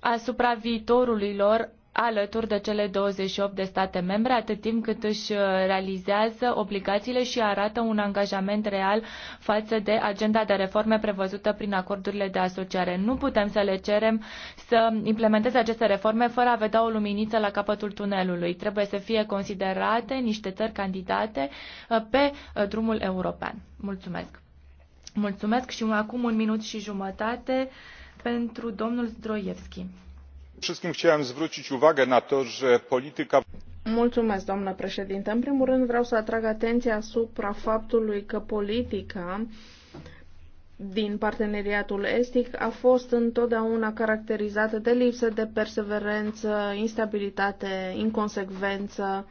asupra viitorului lor alături de cele 28 de state membre, atât timp cât își uh, realizează obligațiile și arată un angajament real față de agenda de reforme prevăzută prin acordurile de asociare. Nu putem să le cerem să implementeze aceste reforme fără a vedea o luminiță la capătul tunelului. Trebuie să fie considerate niște țări candidate uh, pe uh, drumul european. Mulțumesc! Mulțumesc și acum un minut și jumătate pentru domnul Zdroievski wszystkim chciałem zwrócić uwagę na to, że polityka... Mulțumesc, domnule președinte. În primul rând vreau să atrag atenția asupra faptului că politica din parteneriatul estic a fost întotdeauna caracterizată de lipsă de perseverență, instabilitate, inconsecvență.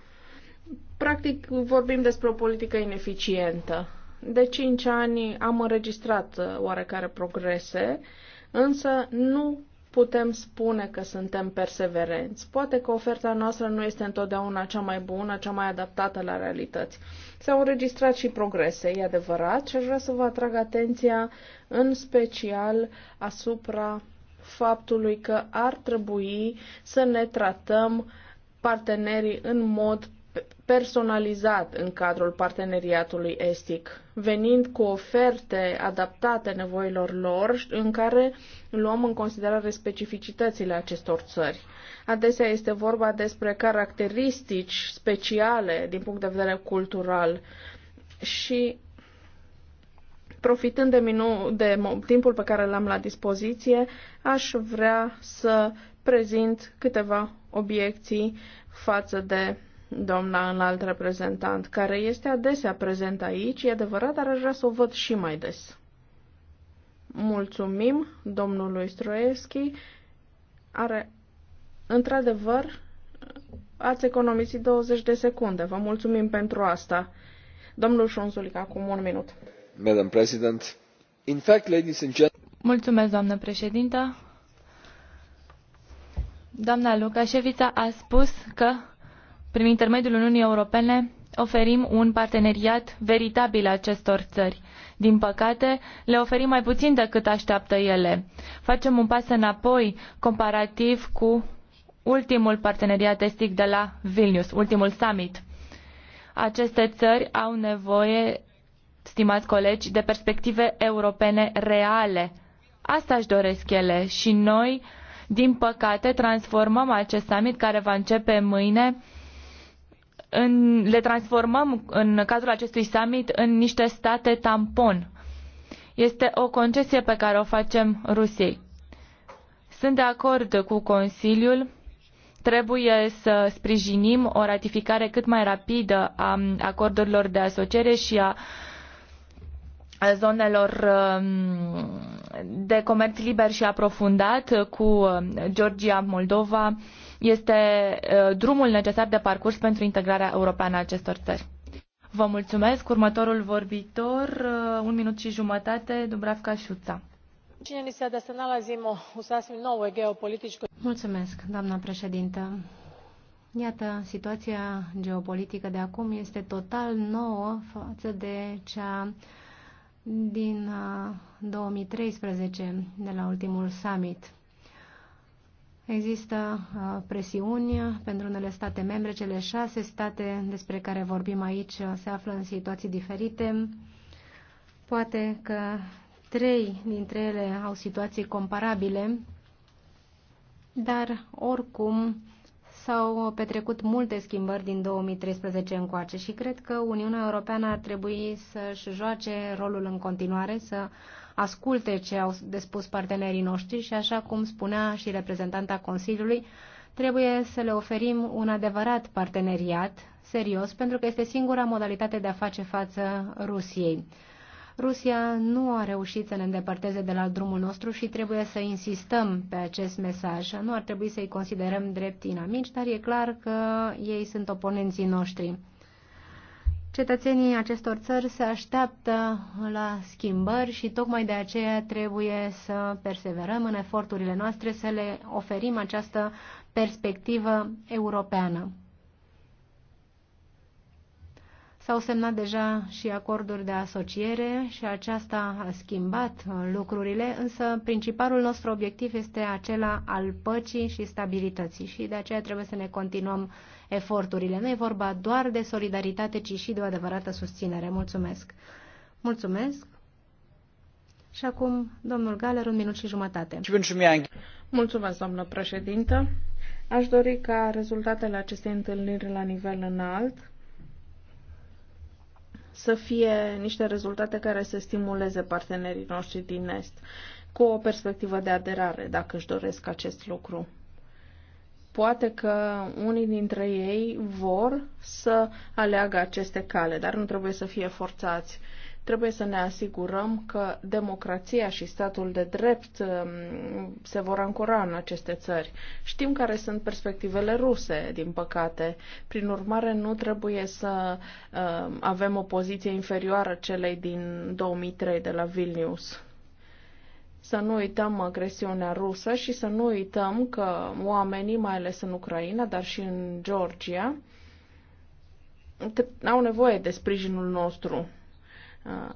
Practic vorbim despre o politică ineficientă. De cinci ani am înregistrat oarecare progrese, însă nu putem spune că suntem perseverenți. Poate că oferta noastră nu este întotdeauna cea mai bună, cea mai adaptată la realități. S-au înregistrat și progrese, e adevărat, și aș vrea să vă atrag atenția în special asupra faptului că ar trebui să ne tratăm partenerii în mod personalizat în cadrul parteneriatului estic, venind cu oferte adaptate nevoilor lor, în care luăm în considerare specificitățile acestor țări. Adesea este vorba despre caracteristici speciale din punct de vedere cultural și profitând de, minu- de timpul pe care l-am la dispoziție, aș vrea să prezint câteva obiecții față de doamna înalt reprezentant, care este adesea prezent aici, e adevărat, dar aș vrea să o văd și mai des. Mulțumim domnului Stroevski. Are, într-adevăr, ați economisit 20 de secunde. Vă mulțumim pentru asta. Domnul Șonzulic, acum un minut. Madam President, in fact, ladies and gentlemen... Mulțumesc, doamnă președintă. Doamna Lucașevița a spus că prin intermediul Uniunii Europene, oferim un parteneriat veritabil acestor țări. Din păcate, le oferim mai puțin decât așteaptă ele. Facem un pas înapoi comparativ cu ultimul parteneriat estic de la Vilnius, ultimul summit. Aceste țări au nevoie, stimați colegi, de perspective europene reale. Asta își doresc ele și noi, din păcate, transformăm acest summit care va începe mâine în, le transformăm în cazul acestui summit în niște state tampon. Este o concesie pe care o facem Rusiei. Sunt de acord cu Consiliul. Trebuie să sprijinim o ratificare cât mai rapidă a acordurilor de asociere și a zonelor um, de comerț liber și aprofundat cu um, Georgia, Moldova, este drumul necesar de parcurs pentru integrarea europeană a acestor țări. Vă mulțumesc. Următorul vorbitor, un minut și jumătate, Dubravka Șuța. Činjenica da se nalazimo u sasvim nouă geopolitică. Mulțumesc, doamna președintă. Iată, situația geopolitică de acum este total nouă față de cea din 2013, de la ultimul summit. Există uh, presiuni pentru unele state membre, cele șase state despre care vorbim aici uh, se află în situații diferite. Poate că trei dintre ele au situații comparabile, dar oricum s-au petrecut multe schimbări din 2013 încoace și cred că Uniunea Europeană ar trebui să-și joace rolul în continuare, să asculte ce au de spus partenerii noștri și, așa cum spunea și reprezentanta Consiliului, trebuie să le oferim un adevărat parteneriat serios, pentru că este singura modalitate de a face față Rusiei. Rusia nu a reușit să ne îndepărteze de la drumul nostru și trebuie să insistăm pe acest mesaj. Nu ar trebui să-i considerăm drept inamici, dar e clar că ei sunt oponenții noștri. Cetățenii acestor țări se așteaptă la schimbări și tocmai de aceea trebuie să perseverăm în eforturile noastre să le oferim această perspectivă europeană. S-au semnat deja și acorduri de asociere și aceasta a schimbat lucrurile, însă principalul nostru obiectiv este acela al păcii și stabilității și de aceea trebuie să ne continuăm eforturile. Nu e vorba doar de solidaritate, ci și de o adevărată susținere. Mulțumesc! Mulțumesc! Și acum, domnul Galer, un minut și jumătate. Mulțumesc, doamnă președintă. Aș dori ca rezultatele acestei întâlniri la nivel înalt să fie niște rezultate care să stimuleze partenerii noștri din Est cu o perspectivă de aderare, dacă își doresc acest lucru. Poate că unii dintre ei vor să aleagă aceste cale, dar nu trebuie să fie forțați. Trebuie să ne asigurăm că democrația și statul de drept um, se vor ancora în aceste țări. Știm care sunt perspectivele ruse, din păcate. Prin urmare, nu trebuie să um, avem o poziție inferioară celei din 2003 de la Vilnius să nu uităm agresiunea rusă și să nu uităm că oamenii, mai ales în Ucraina, dar și în Georgia, au nevoie de sprijinul nostru. Uh,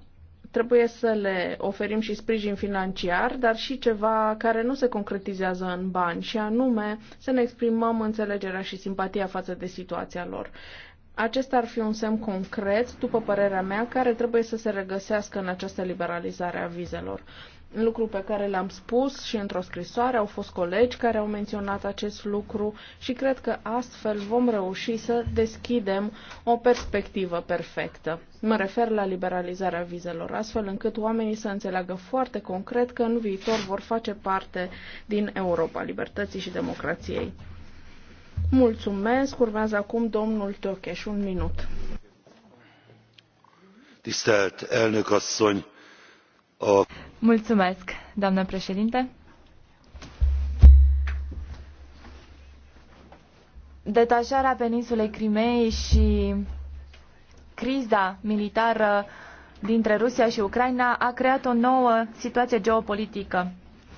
trebuie să le oferim și sprijin financiar, dar și ceva care nu se concretizează în bani, și anume să ne exprimăm înțelegerea și simpatia față de situația lor. Acesta ar fi un semn concret, după părerea mea, care trebuie să se regăsească în această liberalizare a vizelor lucru pe care l-am spus și într-o scrisoare au fost colegi care au menționat acest lucru și cred că astfel vom reuși să deschidem o perspectivă perfectă. Mă refer la liberalizarea vizelor, astfel încât oamenii să înțeleagă foarte concret că în viitor vor face parte din Europa Libertății și Democrației. Mulțumesc. Urmează acum domnul Tocheș. Un minut. Tisztelt elnök asszony! Mulțumesc, doamnă președinte. Detașarea peninsulei Crimei și criza militară dintre Rusia și Ucraina a creat o nouă situație geopolitică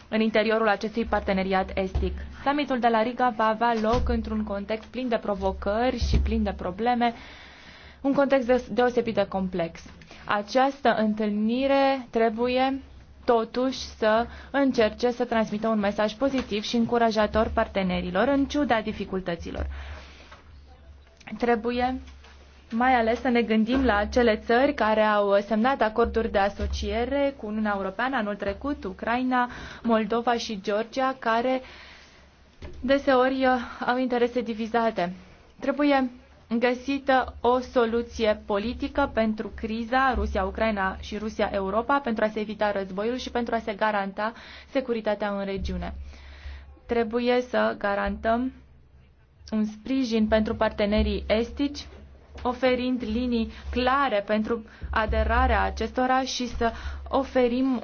în interiorul acestui parteneriat estic. Summitul de la Riga va avea loc într-un context plin de provocări și plin de probleme, un context deosebit de complex. Această întâlnire trebuie totuși să încerce să transmită un mesaj pozitiv și încurajator partenerilor, în ciuda dificultăților. Trebuie mai ales să ne gândim la cele țări care au semnat acorduri de asociere cu Uniunea Europeană anul trecut, Ucraina, Moldova și Georgia, care deseori uh, au interese divizate. Trebuie găsită o soluție politică pentru criza Rusia-Ucraina și Rusia-Europa, pentru a se evita războiul și pentru a se garanta securitatea în regiune. Trebuie să garantăm un sprijin pentru partenerii estici, oferind linii clare pentru aderarea acestora și să oferim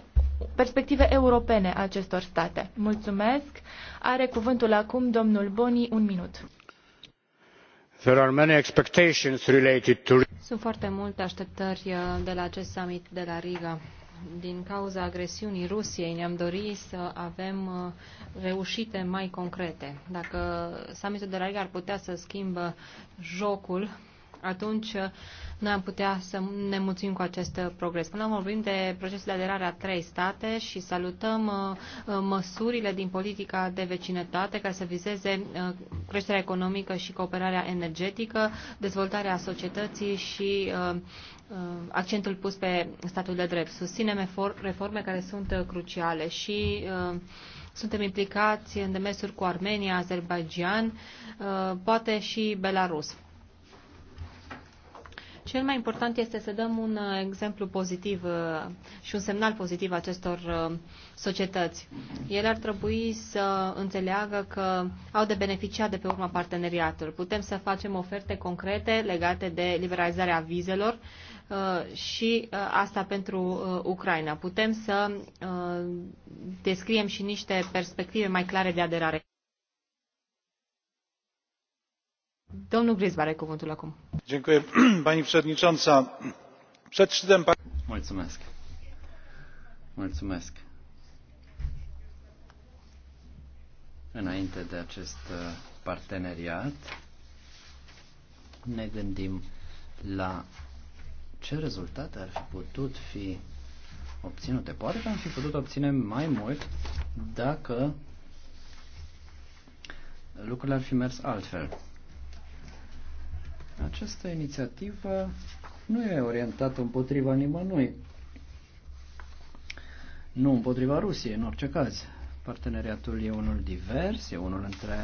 perspective europene acestor state. Mulțumesc. Are cuvântul acum domnul Boni, un minut. Sunt foarte multe așteptări uh, de la acest summit de la Riga. Din cauza agresiunii Rusiei ne-am dorit să avem uh, reușite mai concrete. Dacă summitul de la Riga ar putea să schimbă jocul, atunci uh, noi am putea să ne mulțumim cu acest uh, progres. Până vorbim de procesul de aderare a trei state și salutăm uh, măsurile din politica de vecinătate care să vizeze creșterea economică și cooperarea energetică, dezvoltarea societății și accentul pus pe statul de drept. Susținem reforme care sunt cruciale și suntem implicați în demersuri cu Armenia, Azerbaijan, poate și Belarus. Cel mai important este să dăm un uh, exemplu pozitiv uh, și un semnal pozitiv acestor uh, societăți. Ele ar trebui să înțeleagă că au de beneficiat de pe urma parteneriatului. Putem să facem oferte concrete legate de liberalizarea vizelor și asta pentru Ucraina. Putem să descriem și niște perspective mai clare de aderare. Domnul Grisba cuvântul acum. Mulțumesc. Mulțumesc. Înainte de acest uh, parteneriat, ne gândim la ce rezultate ar fi putut fi obținute. Poate că am fi putut obține mai mult dacă lucrurile ar fi mers altfel. Această inițiativă nu e orientată împotriva nimănui. Nu împotriva Rusiei, în orice caz. Parteneriatul e unul divers, e unul între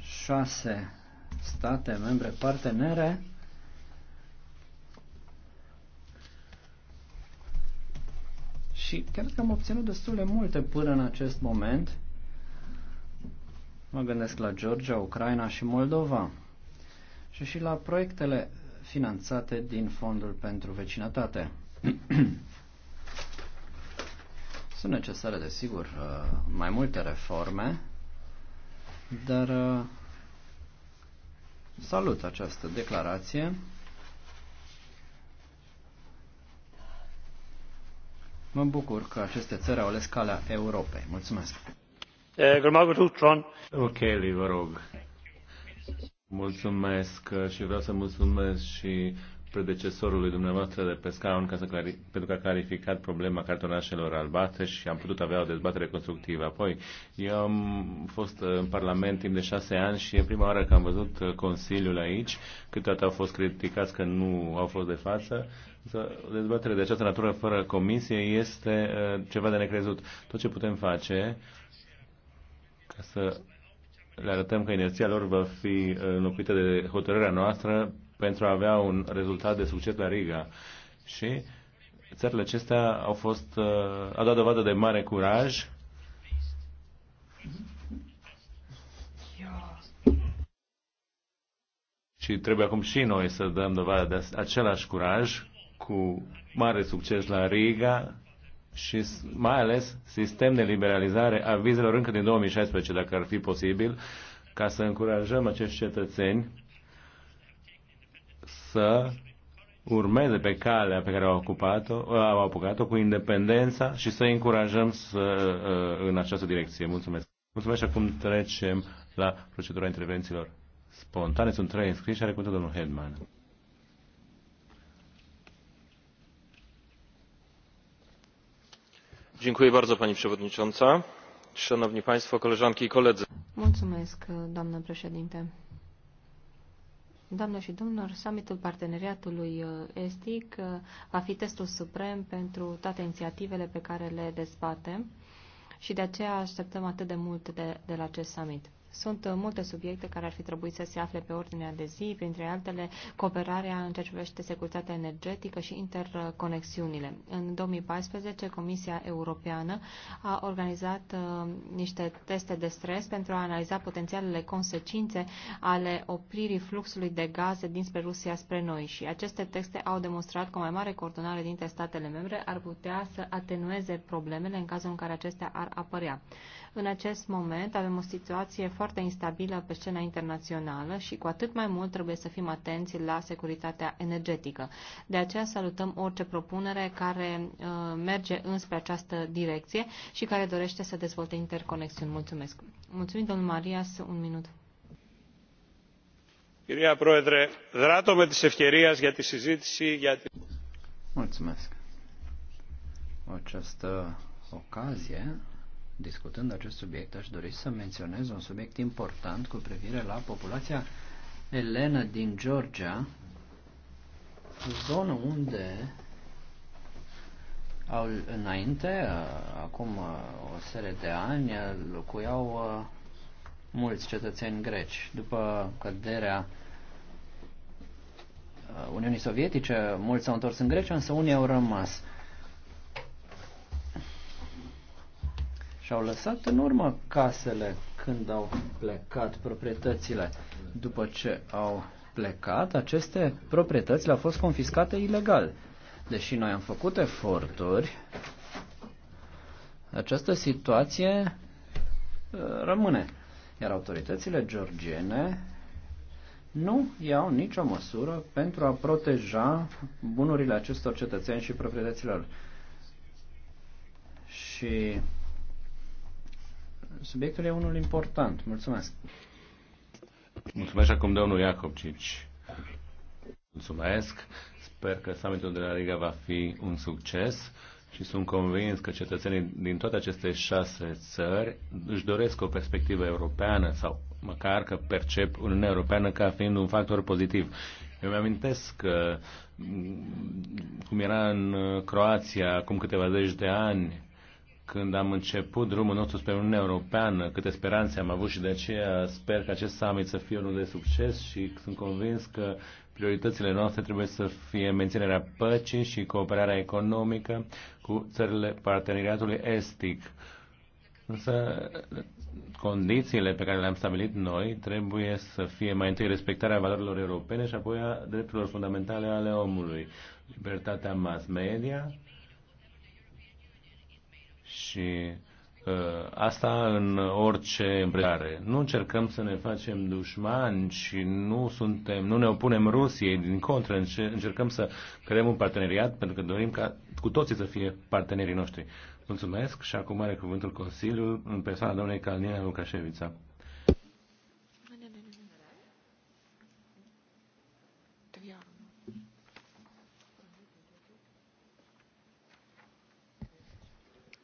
șase state membre partenere. Și cred că am obținut destul de multe până în acest moment. Mă gândesc la Georgia, Ucraina și Moldova și și la proiectele finanțate din Fondul pentru Vecinătate. Sunt necesare, desigur, uh, mai multe reforme, dar uh, salut această declarație. Mă bucur că aceste țări au ales calea Europei. Mulțumesc! Eh, ok, vă rog. Mulțumesc uh, și vreau să mulțumesc și predecesorului dumneavoastră de pe scaun ca să clari, pentru că a clarificat problema cartonașelor albate și am putut avea o dezbatere constructivă. Apoi, eu am fost uh, în Parlament timp de șase ani și e prima oară că am văzut uh, Consiliul aici, câteodată au fost criticați că nu au fost de față. O dezbatere de această natură fără comisie este ceva de necrezut. Tot ce putem face ca să le arătăm că inerția lor va fi uh, înlocuită de hotărârea noastră pentru a avea un rezultat de succes la Riga. Și țările acestea au fost, uh, au dat dovadă de mare curaj și trebuie acum și noi să dăm dovadă de același curaj cu mare succes la Riga și mai ales sistem de liberalizare a vizelor încă din 2016, dacă ar fi posibil, ca să încurajăm acești cetățeni să urmeze pe calea pe care au ocupat-o, au apucat-o cu independența și să încurajăm să, uh, în această direcție. Mulțumesc. Mulțumesc și acum trecem la procedura intervențiilor spontane. Sunt trei înscriși, are cuvântul domnul Hedman. pani przewodnicząca! szanowni państwo! koleżanki i koledzy! și summitul parteneriatului uh, estic uh, va fi testul suprem pentru toate inițiativele pe care le dezbatem și de aceea așteptăm atât de mult de la acest summit. Sunt uh, multe subiecte care ar fi trebuit să se afle pe ordinea de zi, printre altele cooperarea în ce privește securitatea energetică și interconexiunile. În 2014, Comisia Europeană a organizat uh, niște teste de stres pentru a analiza potențialele consecințe ale opririi fluxului de gaze dinspre Rusia spre noi și aceste teste au demonstrat că o mai mare coordonare dintre statele membre ar putea să atenueze problemele în cazul în care acestea ar apărea. În acest moment avem o situație foarte instabilă pe scena internațională și cu atât mai mult trebuie să fim atenți la securitatea energetică. De aceea salutăm orice propunere care uh, merge înspre această direcție și care dorește să dezvolte interconexiuni. Mulțumesc. Mulțumim, domnul Marias. Un minut. Κυρία Πρόεδρε, δράτω με της ευκαιρίας για τη συζήτηση για Mulțumesc. Această ocazie discutând acest subiect, aș dori să menționez un subiect important cu privire la populația elenă din Georgia, zonă unde au, înainte, acum o serie de ani, locuiau mulți cetățeni greci. După căderea uh, Uniunii Sovietice, mulți s-au întors în Grecia, însă unii au rămas. Uh, și-au lăsat în urmă casele când au plecat proprietățile. După ce au plecat, aceste proprietăți le-au fost confiscate ilegal. Deși noi am făcut eforturi, această situație uh, rămâne. Iar autoritățile georgiene nu iau nicio măsură pentru a proteja bunurile acestor cetățeni și proprietăților. Și Subiectul e unul important. Mulțumesc. Mulțumesc acum domnul Iacobcici. Mulțumesc. Sper că summitul de la Riga va fi un succes și sunt convins că cetățenii din toate aceste șase țări își doresc o perspectivă europeană sau măcar că percep Uniunea Europeană ca fiind un factor pozitiv. Eu mi-amintesc că mm, cum era în uh, Croația acum câteva zeci de ani, când am început drumul nostru spre Uniunea Europeană, câte speranțe am avut și de aceea sper că acest summit să fie unul de succes și sunt convins că prioritățile noastre trebuie să fie menținerea păcii și cooperarea economică cu țările parteneriatului estic. Însă condițiile pe care le-am stabilit noi trebuie să fie mai întâi respectarea valorilor europene și apoi a drepturilor fundamentale ale omului. Libertatea mass media, și uh, asta în orice împrejurare. Nu încercăm să ne facem dușmani și nu, suntem, nu ne opunem Rusiei, din contră încercăm să creăm un parteneriat pentru că dorim ca cu toții să fie partenerii noștri. Mulțumesc și acum are cuvântul Consiliul în persoana domnului Calnina Lucașevița.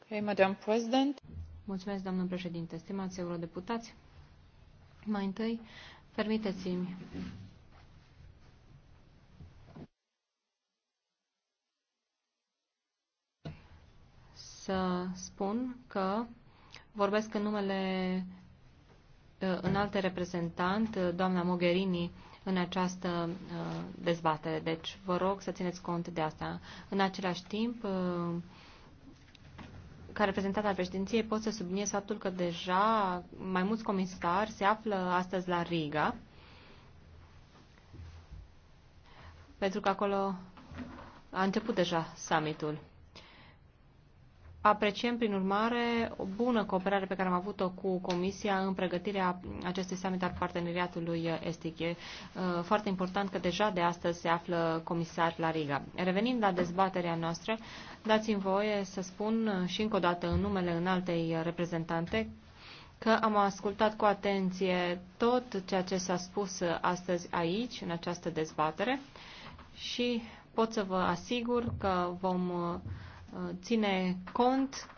Hey, Madam President. Mulțumesc, doamnă președinte. Stimați eurodeputați, mai întâi, permiteți-mi să spun că vorbesc în numele uh, în alte reprezentant, uh, doamna Mogherini, în această uh, dezbatere. Deci, vă rog să țineți cont de asta. În același timp, ca reprezentant al președinției pot să subliniez faptul că deja mai mulți comisari se află astăzi la Riga, pentru că acolo a început deja summitul. Apreciem, prin urmare, o bună cooperare pe care am avut-o cu Comisia în pregătirea acestui summit al parteneriatului estic. E uh, foarte important că deja de astăzi se află comisar la Riga. Revenind la dezbaterea noastră, dați-mi voie să spun și încă o dată în numele înaltei reprezentante că am ascultat cu atenție tot ceea ce s-a spus astăzi aici, în această dezbatere, și pot să vă asigur că vom ține cont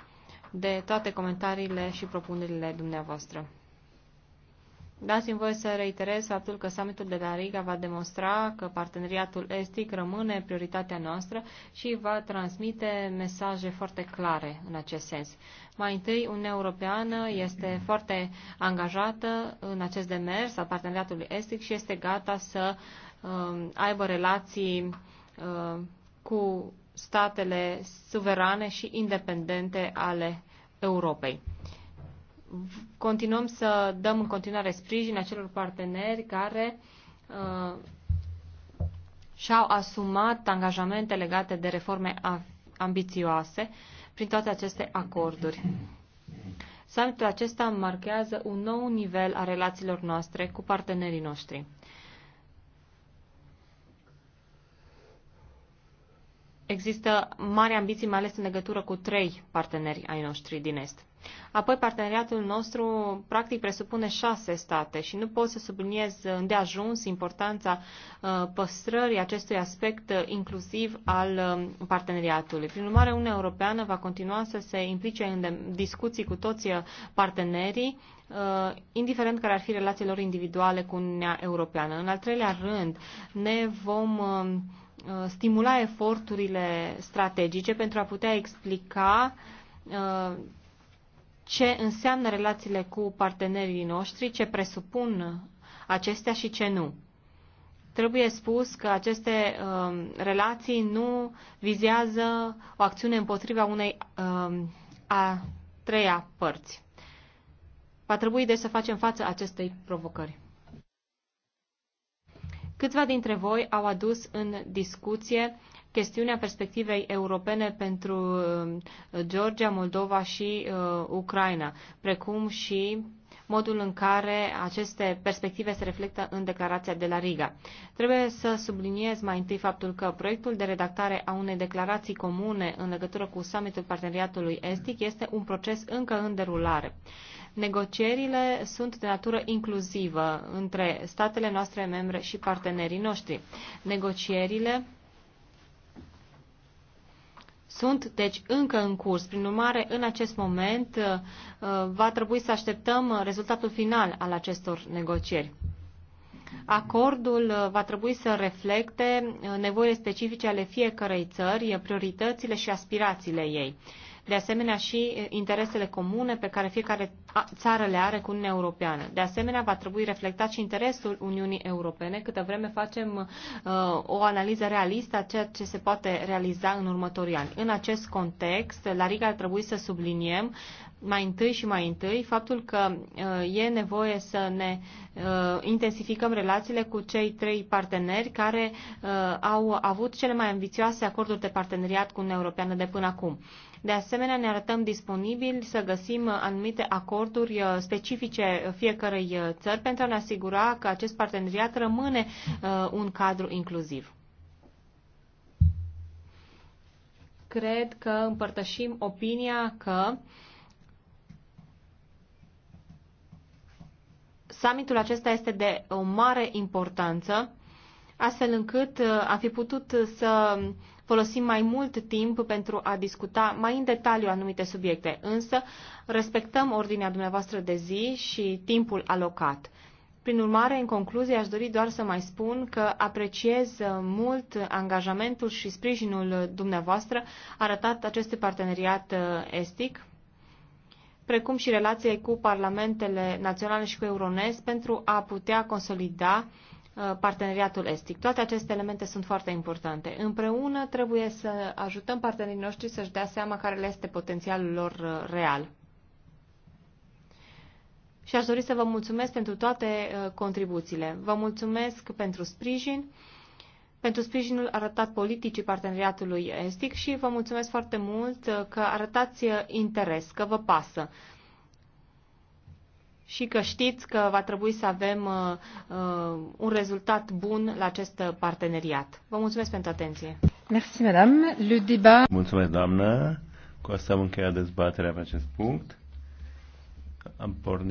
de toate comentariile și propunerile dumneavoastră. Dați-mi voie să reiterez faptul că summitul de la Riga va demonstra că parteneriatul estic rămâne prioritatea noastră și va transmite mesaje foarte clare în acest sens. Mai întâi, Uniunea Europeană este foarte angajată în acest demers al parteneriatului estic și este gata să uh, aibă relații uh, cu statele suverane și independente ale Europei. Continuăm să dăm în continuare sprijin acelor parteneri care uh, și-au asumat angajamente legate de reforme ambițioase prin toate aceste acorduri. Summitul acesta marchează un nou nivel a relațiilor noastre cu partenerii noștri. există mari ambiții, mai ales în legătură cu trei parteneri ai noștri din Est. Apoi, parteneriatul nostru practic presupune șase state și nu pot să subliniez îndeajuns importanța uh, păstrării acestui aspect uh, inclusiv al um, parteneriatului. Prin urmare, Uniunea Europeană va continua să se implice în discuții cu toți uh, partenerii, indiferent care ar fi relațiile lor individuale cu Uniunea Europeană. În al treilea rând, ne vom um, Uh, stimula eforturile strategice pentru a putea explica uh, ce înseamnă relațiile cu partenerii noștri, ce presupun acestea și ce nu. Trebuie spus că aceste uh, relații nu vizează o acțiune împotriva unei uh, a treia părți. Va trebui deci să facem față acestei provocări. Câțiva dintre voi au adus în discuție chestiunea perspectivei europene pentru uh, Georgia, Moldova și uh, Ucraina, precum și modul în care aceste perspective se reflectă în declarația de la Riga. Trebuie să subliniez mai întâi faptul că proiectul de redactare a unei declarații comune în legătură cu summitul parteneriatului estic este un proces încă în derulare. Negocierile sunt de natură inclusivă între statele noastre membre și partenerii noștri. Negocierile sunt, deci, încă în curs. Prin urmare, în acest moment uh, va trebui să așteptăm rezultatul final al acestor negocieri. Acordul uh, va trebui să reflecte uh, nevoile specifice ale fiecărei țări, prioritățile și aspirațiile ei de asemenea și interesele comune pe care fiecare țară le are cu Uniunea Europeană. De asemenea, va trebui reflectat și interesul Uniunii Europene câtă vreme facem uh, o analiză realistă a ceea ce se poate realiza în următorii ani. În acest context, la Riga ar trebui să subliniem mai întâi și mai întâi faptul că uh, e nevoie să ne uh, intensificăm relațiile cu cei trei parteneri care uh, au avut cele mai ambițioase acorduri de parteneriat cu Uniunea Europeană de până acum. De asemenea, ne arătăm disponibili să găsim anumite acorduri specifice fiecărei țări pentru a ne asigura că acest parteneriat rămâne un cadru inclusiv. Cred că împărtășim opinia că uh, Summitul acesta este de o mare importanță, astfel încât uh, am fi putut să folosim mai mult timp pentru a discuta mai în detaliu anumite subiecte, însă respectăm ordinea dumneavoastră de zi și timpul alocat. Prin urmare, în concluzie, aș dori doar să mai spun că apreciez uh, mult angajamentul și sprijinul dumneavoastră arătat acestui parteneriat uh, estic precum și relația cu parlamentele naționale și cu Euronest pentru a putea consolida uh, parteneriatul estic. Toate aceste elemente sunt foarte importante. Împreună trebuie să ajutăm partenerii noștri să-și dea seama care le este potențialul lor uh, real. Și aș dori să vă mulțumesc pentru toate uh, contribuțiile. Vă mulțumesc pentru sprijin pentru sprijinul arătat politicii parteneriatului estic și vă mulțumesc foarte mult că arătați interes, că vă pasă și că știți că va trebui să avem uh, uh, un rezultat bun la acest parteneriat. Vă mulțumesc pentru atenție. Merci, madame. Le débat... Mulțumesc, doamnă. Cu asta am încheiat dezbaterea pe acest punct. Am pornit